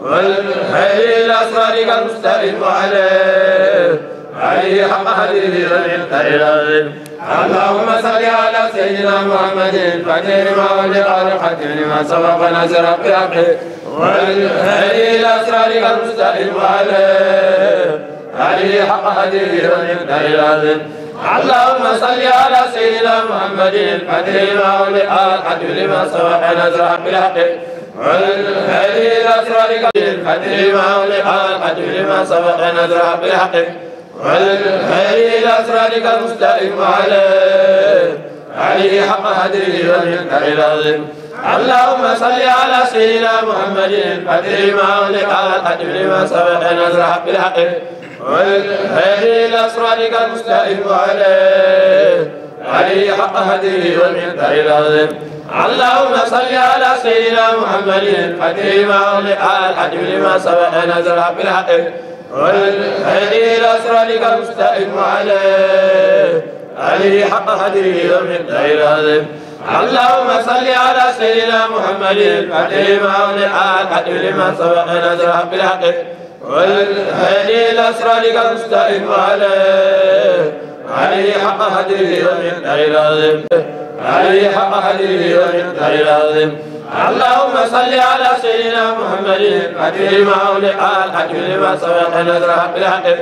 والخير إلى صراطك المستقيم عليه عليه حق هذه الخير اللهم صل على سيدنا محمد الفاتح لما أغلق الحج لما سبق نزل الحق والخير إلى صراطك المستقيم عليه عليه حق هذه الخير اللهم صل على سيدنا محمد الفتح لما أغلق الحمد لما سبق نزرع بالحق والهدي لأسرارك الفتح لما أغلق لما نزرع والهدي لأسرارك المستقيم عليه عليه حق هديه والمنكر العظيم اللهم صل على سيدنا محمد الفتح لما أغلق لما صبح نزرع بلحقه هذه إلى كان المستقيم عليه علي حق هديه ومن العظيم اللهم صل على سيدنا محمد الفتيم أغلق الحجم لما سبق نزل بالحق هذه إلى كان المستقيم عليه علي حق هديه ومن العظيم اللهم صل على سيدنا محمد الفتيم أغلق الحجم لما سبق نزل بالحق والهدي الأسرى لك المستقيم عليه علي حق هديه ومنه العظيم علي حق هديه ومنه العظيم اللهم صل على سيدنا محمد ما أولقاء الحكيم لما سبق نذر حق الحق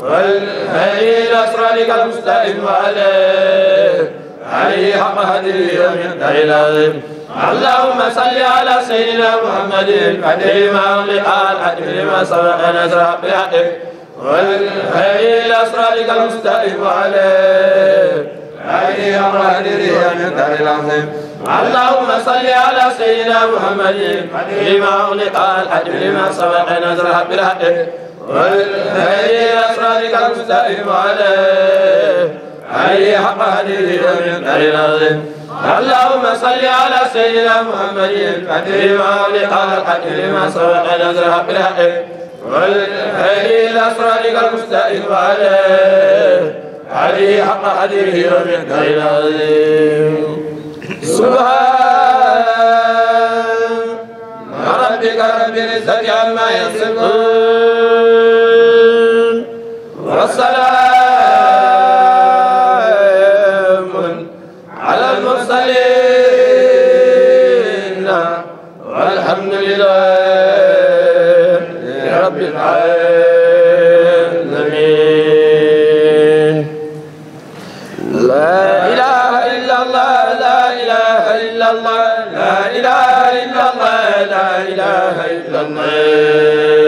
والهدي الأسرى لك المستقيم عليه علي حق هديه ومنه العظيم اللهم صل على سيدنا محمد الفاتح ما أغلق الحق ما سبق نزرع بحقه والخير إلى صراطك المستقيم عليه أي أمر من دار العظيم اللهم صل على سيدنا محمد الفاتح ما أغلق الحق ما سبق نزرع بحقه والخير إلى صراطك المستقيم عليه عليه حق هذه العظيم اللهم صل على سيدنا محمد الفتح ما أغلق على ما سبق نزل حق الحق والخير إلى صراطك المستعين عليه علي حق حديثه اليوم العظيم سبحان ربك رب العزة عما يصفون والسلام رب العالمين لا إله إلا الله لا إله إلا الله لا إله إلا الله لا إله إلا الله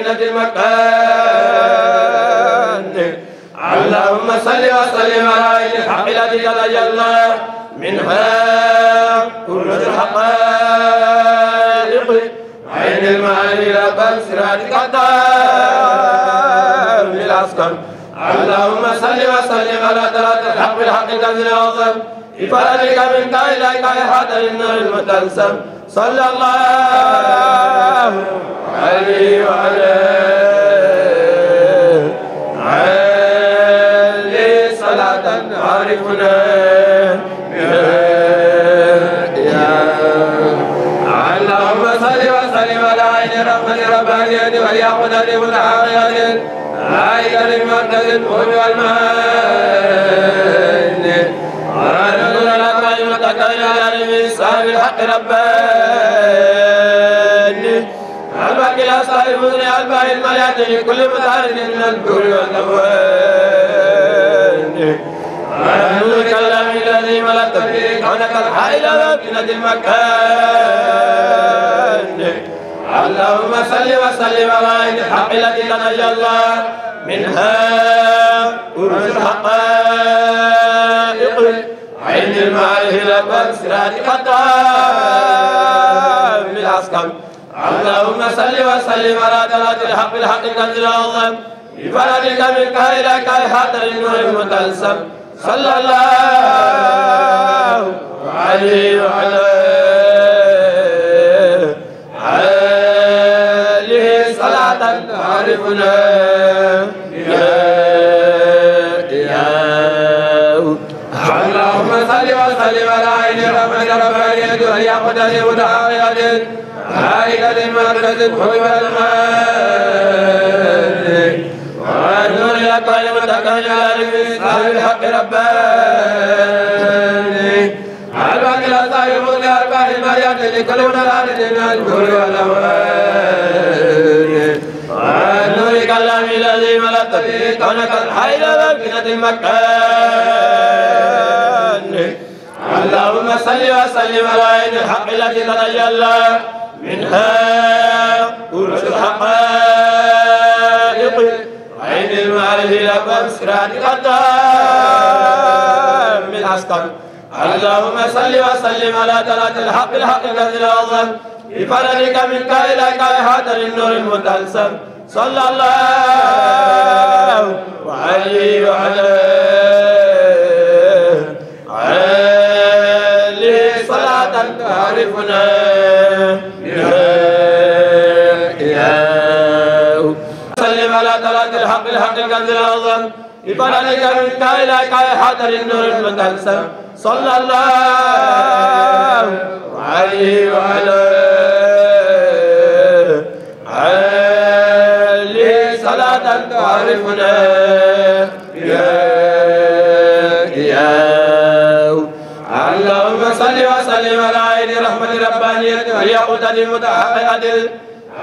مكنة مكان اللهم صل وسلم على الحق الذي تجلى منها كل الحقائق عين المعاني لا بصراتك الدار للاسكن اللهم صل وسلم على ثلاثة الحق بالحق الذي العظم بفضلك منك اليك احد النار المتلسم صلى الله علي وعلى علي صلاة عارفنا اللهم صل وسلم على عين رحمة ربانية وليقنني بالعافية عائدا لمركز الفهم والمعاني وعلى نور الأطعمة كي يعلم الإنسان الحق ربه ومن ألباء الملات لكل مدار من الدور والنوان أنك الكلام الذي ملأت به كونك الحائل من المكان اللهم صل وسلم على الحق التي تنجى الله منها أرز حقائق عين المعارف لبن سراد قدام الأسكم اللهم صل وسلم على دلالة الحق الحق الكنز العظيم بفرجك منك إلى كائحات النور المتنسب صلى الله عليه وعلى آله صلاة تعرفنا اللهم صل وسلم على عين ربنا ربنا يدعو يا قدر متعاون هاي المركز حب المالك وعنون الأقوال المتكلم بإصحاب الحق رباني عالباقي الأصائب لأرباح المريات اللي كلنا الأرض من الكل والأوان وعنون كلام الذي ملأت به كونك الحي لذلك مكان اللهم صل وسلم على عين الحق التي تتجلى منها ورش الحقائق عين المعرفة لكم سرعة قدام من عسكر اللهم صل وسلم على ثلاث الحق الحق الذي لا ظن بفضلك منك إليك إحاطة النور المتلسم صلى الله عليه وعلى عليه صلاة تعرفنا سلم على طلعة الحق الحق الكنز العظم بفرحك منك إليك حضر النور المدهنسم صلى الله عليه وعلى علي صلاة تعرفنا يا يا اللهم صل وسلم على الربانية وليقود للمتحققة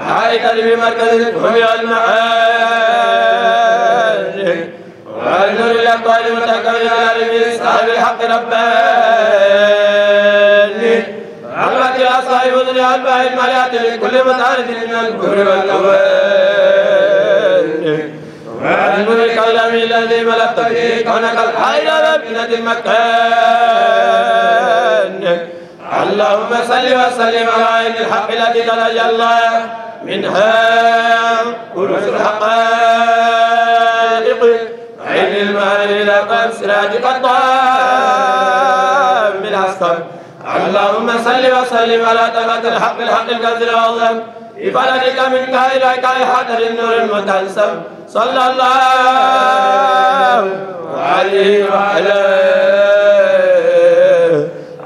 حائطا بمركز الجميع المعاني وأنه للأبطال المتكبرين العالمين صاحب الحق رباني رحمة يا صاحب الدنيا الباهي المليات لكل متعرض من الكفر والأوان وأنه للكلام الذي ملأت فيه كونك الحائل ربنا المكان اللهم صل وسلم على عين الحق التي درج الله منها كنوز الحقائق عين المال الى قلب سراجك من بالعسكر اللهم صل وسلم على طلعة الحق الحق القدر العظم بفلدك منك اليك حضر النور المتنسم صلى الله عليه وعلى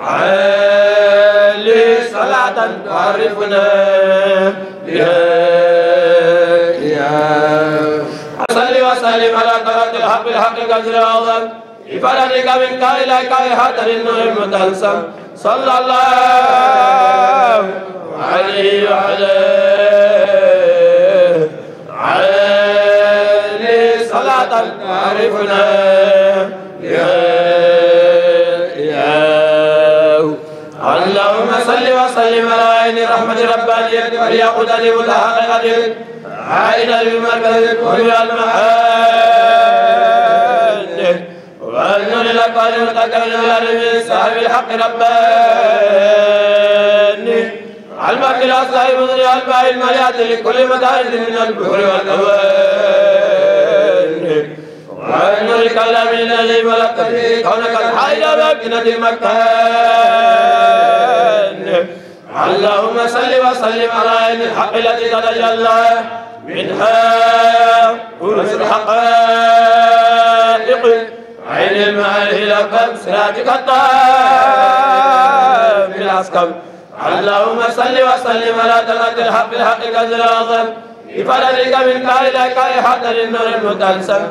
عليه صلاة تعرفنا بها صلي وسلم على طريق الحق الحق قدر العظم إفادتك منك إليك إحاطة النور المتلسم صلى الله عليه وعلى عليه صلاة تعرفنا بها اللهم صل وسلم على عين رحمة ربانية وليقود لي والأهل القدير عائد بالمركز كل المحال وأن أن المتكبر العالمين صاحب الحق رباني علمك لا صاحب ضياء الباقي المريات لكل مدارس من البحور والكوان نورك الذي الذي ملكت به كونك الحي وابنة مكان اللهم صل وسلم على عين الحق التي تتجلى منها كنوز الحقائق عين المعاله لكم صراطك الطاهر بالاسكم اللهم صل وسلم على تلات الحق الحق العظيم بفضلك من كائن الى حتى للنور المتنسم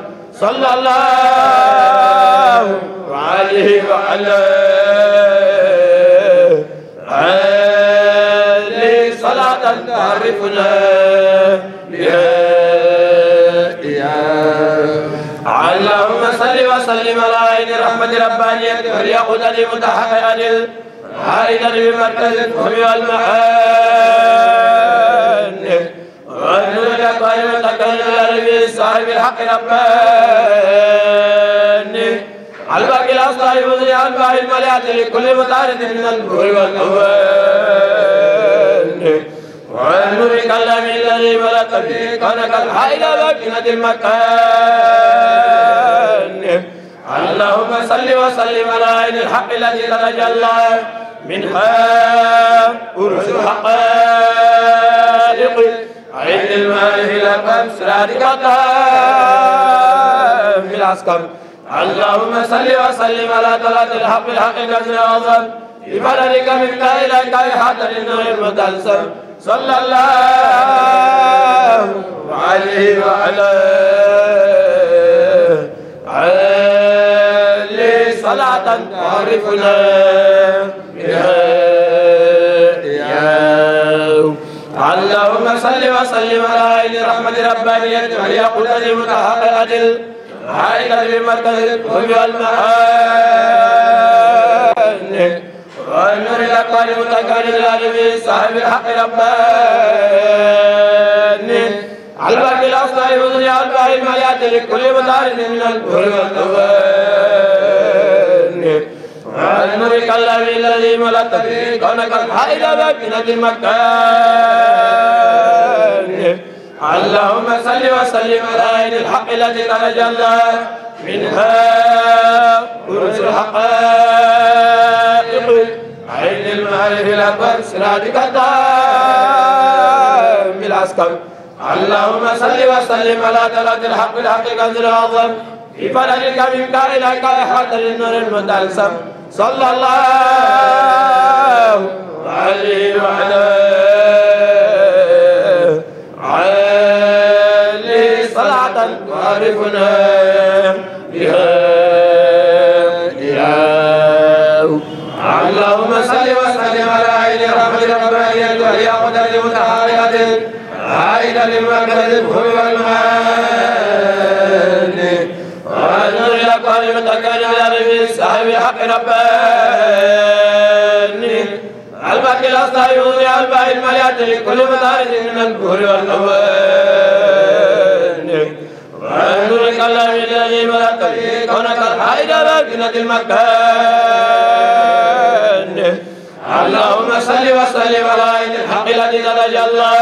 صلى الله عليه وعلى عليه صلاة تعرفنا اللهم صل وسلم على عين رحمة ربانية وليقودني متحققا العائلة بمركز الفهم والمعاد وانزل قائم تكلل في الحق رباني الباقي الاصلاح بذري الباقي المليات لكل متعرض من النور والنوان وانزل كلام الذي بلغت به كانك الحي الى بكنة المكان اللهم صل وسلم على عين الحق الذي تتجلى منها ورسل حقائق عيد اللهم صل وسلم على طلعة الحق الحق الجزر العظم بفضلك منك إليك حتى للنور المتلسم صلى الله عليه وعلى عليه صلاة تعرفنا بها يا اللهم صل وسلم على عين رحمة ربانية وهي قدر متحقق الأدل عائلة بمركز الحب والمعاني والنور الأكبر متكبر العالمين صاحب الحق رباني على الباقي الأصلاح والدنيا الباقي الميات لكل مدار من الكل والتوبة نورك الذي الذي ملأت به كونك الحائل بابنة المكان اللهم صل وسلم على عين الحق التي تتجلى منها كنوز الحقائق عين المعارف الاكبر سرادك الدام الاسكر اللهم صل وسلم على دلالة الحق الحقيقة العظم في فلك منك إليك إحاطة للنور المتلسم صلى الله عليه وعلى علي صلاة تعرفنا بها اللهم صل وسلم على عين رحمة ربانية وهي قدر متعارفة عين لمركز الفم والمال الحق رباني الباقي الأصيون الباقي المليات كل مدارس من البهر والنواني وأنزلك الله الذي ملأت به كونك الحائد باقنة المكان اللهم صل وسلم على عين الحق الذي درج الله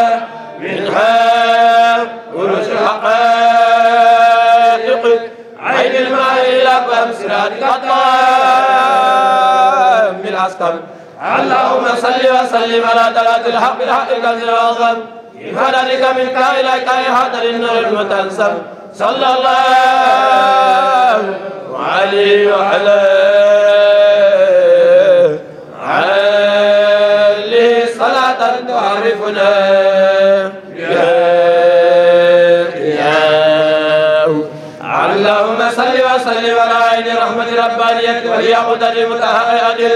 منها ورس الحق عين المعين الأقوام صراطك الطاهر العسكر اللهم صل وسلم على دلالة الحق الحق كثير العظم بفضلك إلى إليك حضر النور المتنسب صلى الله عليه وعلى عليه صلاة تعرفنا اللهم صل وسلم على عين رحمة ربانية وهي قدر متهاي أدل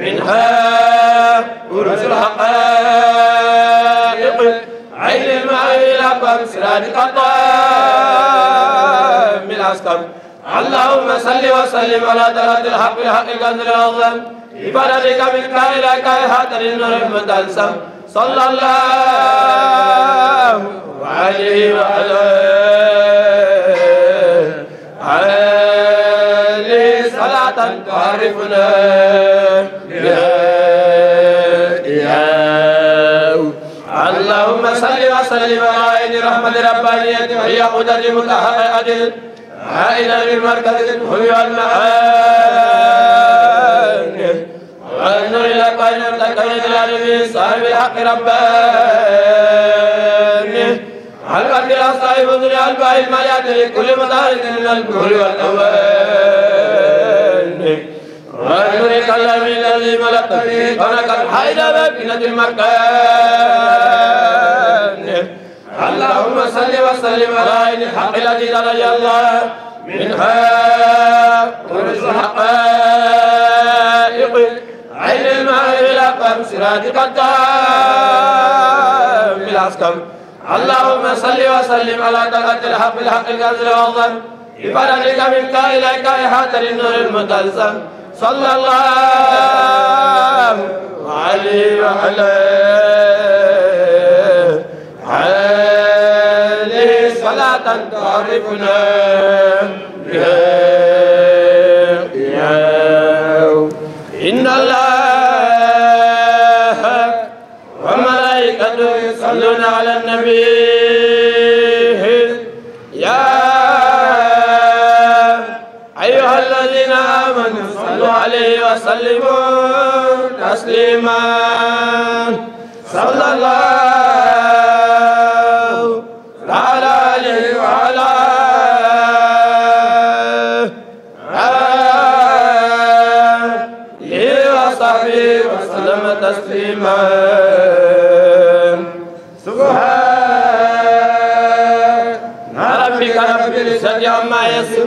منها أرز الحقائق عين الماء لقم سراد قطام العسكر اللهم صل وسلم على درجة الحق الحق القدر العظم بفضلك منك إليك هاتر النور المتلسم صلى الله عليه وعلى عليه صلاة تعرفنا تيسر لبراء رحمة ربانية وهي قدر متحقق عائلة من مركز الهوي والمعاني وانظر الى قائل ارتكب العالمين صاحب الحق رباني الوقت صاحب الدنيا الباهي الماليات لكل مطارد من الكل والاوان وانظر الى الذي ملقت فيه خلق الحيدر بابنة المكان اللهم صل وسلم على عين الحق التي درج الله منها ورز حقائق عين الماء الأقم سرادق الدام الأسكم اللهم صل وسلم على دقة الحق الحق الكنز والظن بفضلك منك إليك إحاطة للنور المتلزم صلى الله عليه وعلى عليه صلاة تعرفنا إن الله وملائكته يصلون على النبي وسلموا تسليما صلى الله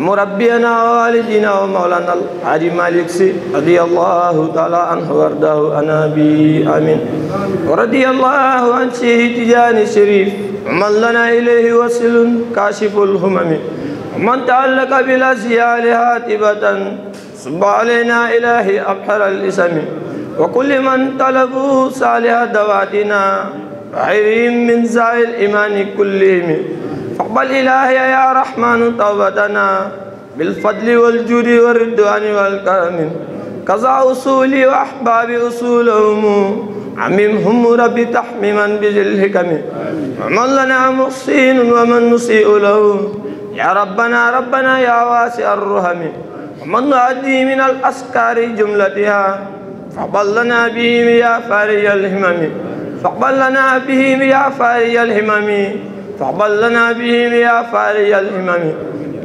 مربينا ووالدنا ومولانا الحاج مالك سي رضي الله تعالى عنه وارضاه انا بي امين ورضي الله عن شيخ تجاني الشريف من لنا اليه وصل كاشف الهمم من تعلق بالازيال هاتبه صب علينا الهي ابحر الاسم وكل من طلبوا صالح دواتنا عيرين من زائل ايمان كلهم اقبل إلهي يا رحمن توبتنا بالفضل والجود والردوان والكرم كذا أصولي وأحبابي أصولهم عممهم ربي تحميما بجلهك ومن لنا محسن ومن نسيء له يا ربنا ربنا يا واسع الرحم ومن نؤدي من الأسكار جملتها فاقبل لنا بهم يا فارج الهمم فاقبل لنا بهم يا فارج الهمم فاقبل لنا بهم يا فاري الهمم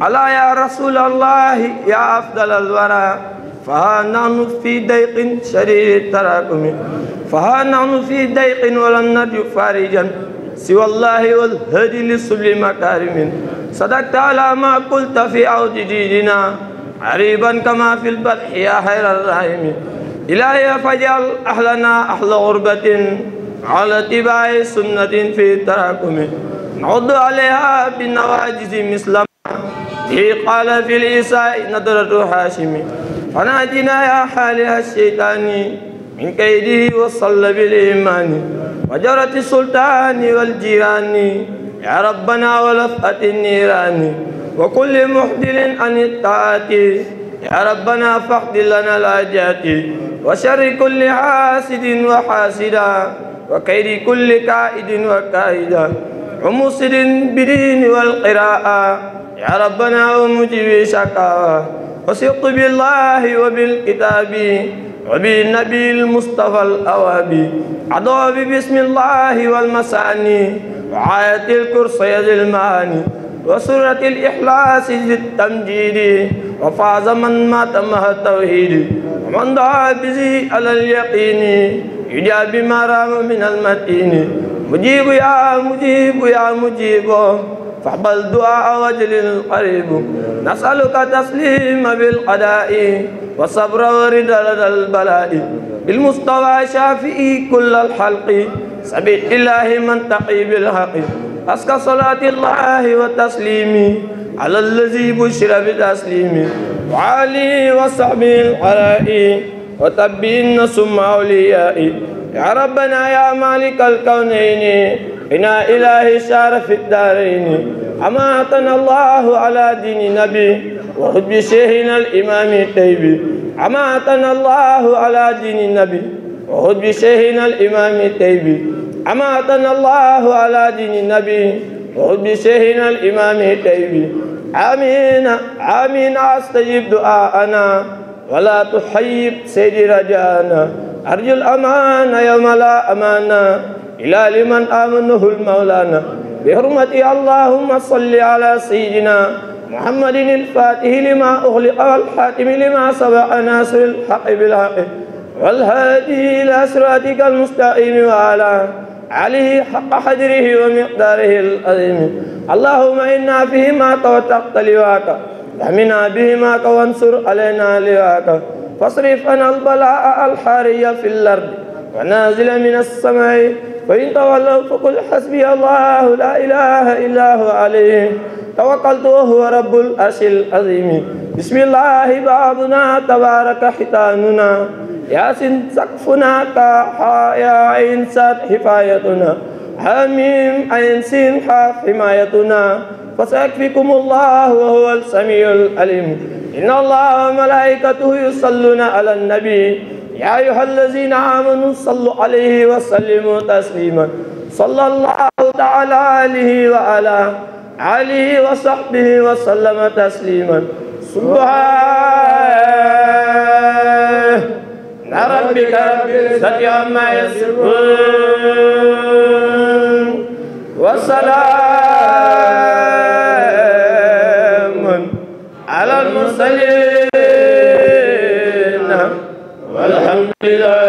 ألا يا رسول الله يا أفضل الورى فها نحن في ضيق شرير التراكم فها نحن في ضيق ولم نرجو فارجا سوى الله والهدي لسبل مكارم صدقت على ما قلت في عود جيدنا عريبا كما في البرح يا خير الرحيم إلهي فاجعل أهلنا أهل غربة على اتباع سنة في تراكم نعود عليها بالنواجز مثل إيه قال في الإساء نظرة هاشم فنادينا يا حالها الشيطان من كيده وصل بالإيمان وجرة السلطان والجيران يا ربنا ولفأة النيران وكل محدل عن الطاعات يا ربنا فاحد لنا الآجات وشر كل حاسد وحاسدا وكيد كل كائد وكائدا ومسر بدين والقراءة يا ربنا ومجيب شكاوى وثق بالله وبالكتاب وبالنبي المصطفى الأوابي عضو بسم الله والمساني وعاية الكرسي المعاني وسورة الإخلاص التمجيد وفاز من مات مع التوحيد ومن دعا به على اليقين يجاب ما رام من المتين مجيب يا مجيب يا مجيب فاحبل دعاء وجل القريب نسألك تسليم بالقداء وصبر ورد البلاء بالمصطفى شافئي كل الحلق سبيل الله من تقي بالحق أسكى صلاة الله وتسليمي على الذي بشر بتسليمي وعلي وصحبي القرائي وتبين ثم أوليائي يا ربنا يا مالك الكونين إنا إله شار في الدارين أماتنا الله على دين نبي وخذ بشيخنا الإمام الطيب أماتنا الله على دين النبي وخذ بشيخنا الإمام الطيب أماتنا الله على دين النبي وخذ بشيخنا الإمام الطيب آمين آمين أستجب دعاءنا ولا تحيب سيدي رجاءنا أرجو الأمان يا ملا أمانة إلى لمن آمنه المولانا بحرمة اللهم صل على سيدنا محمد الفاتح لما أغلق والحاتم لما سبق ناصر الحق بالحق والهادي إلى صراطك المستقيم وعلى عليه حق حجره ومقداره العظيم اللهم إنا فيما توتقت لواك به بهما وانصر علينا لواك فاصرف أنا البلاء الحاري في الأرض ونازل من السماء فإن تولوا فقل حسبي الله لا إله إلا هو عليه توكلت وهو رب العرش العظيم بسم الله بابنا تبارك حيتاننا ياسين سقفنا كحاء يا عين حفايتنا حميم عين سين حمايتنا فسيكفيكم الله وهو السميع العليم إن الله وملائكته يصلون على النبي يا أيها الذين آمنوا صلوا عليه وسلموا تسليما صلى الله تعالى عليه وعلى آله وصحبه وسلم تسليما سبحان ربك رب العزة عما يصفون وسلام Yeah.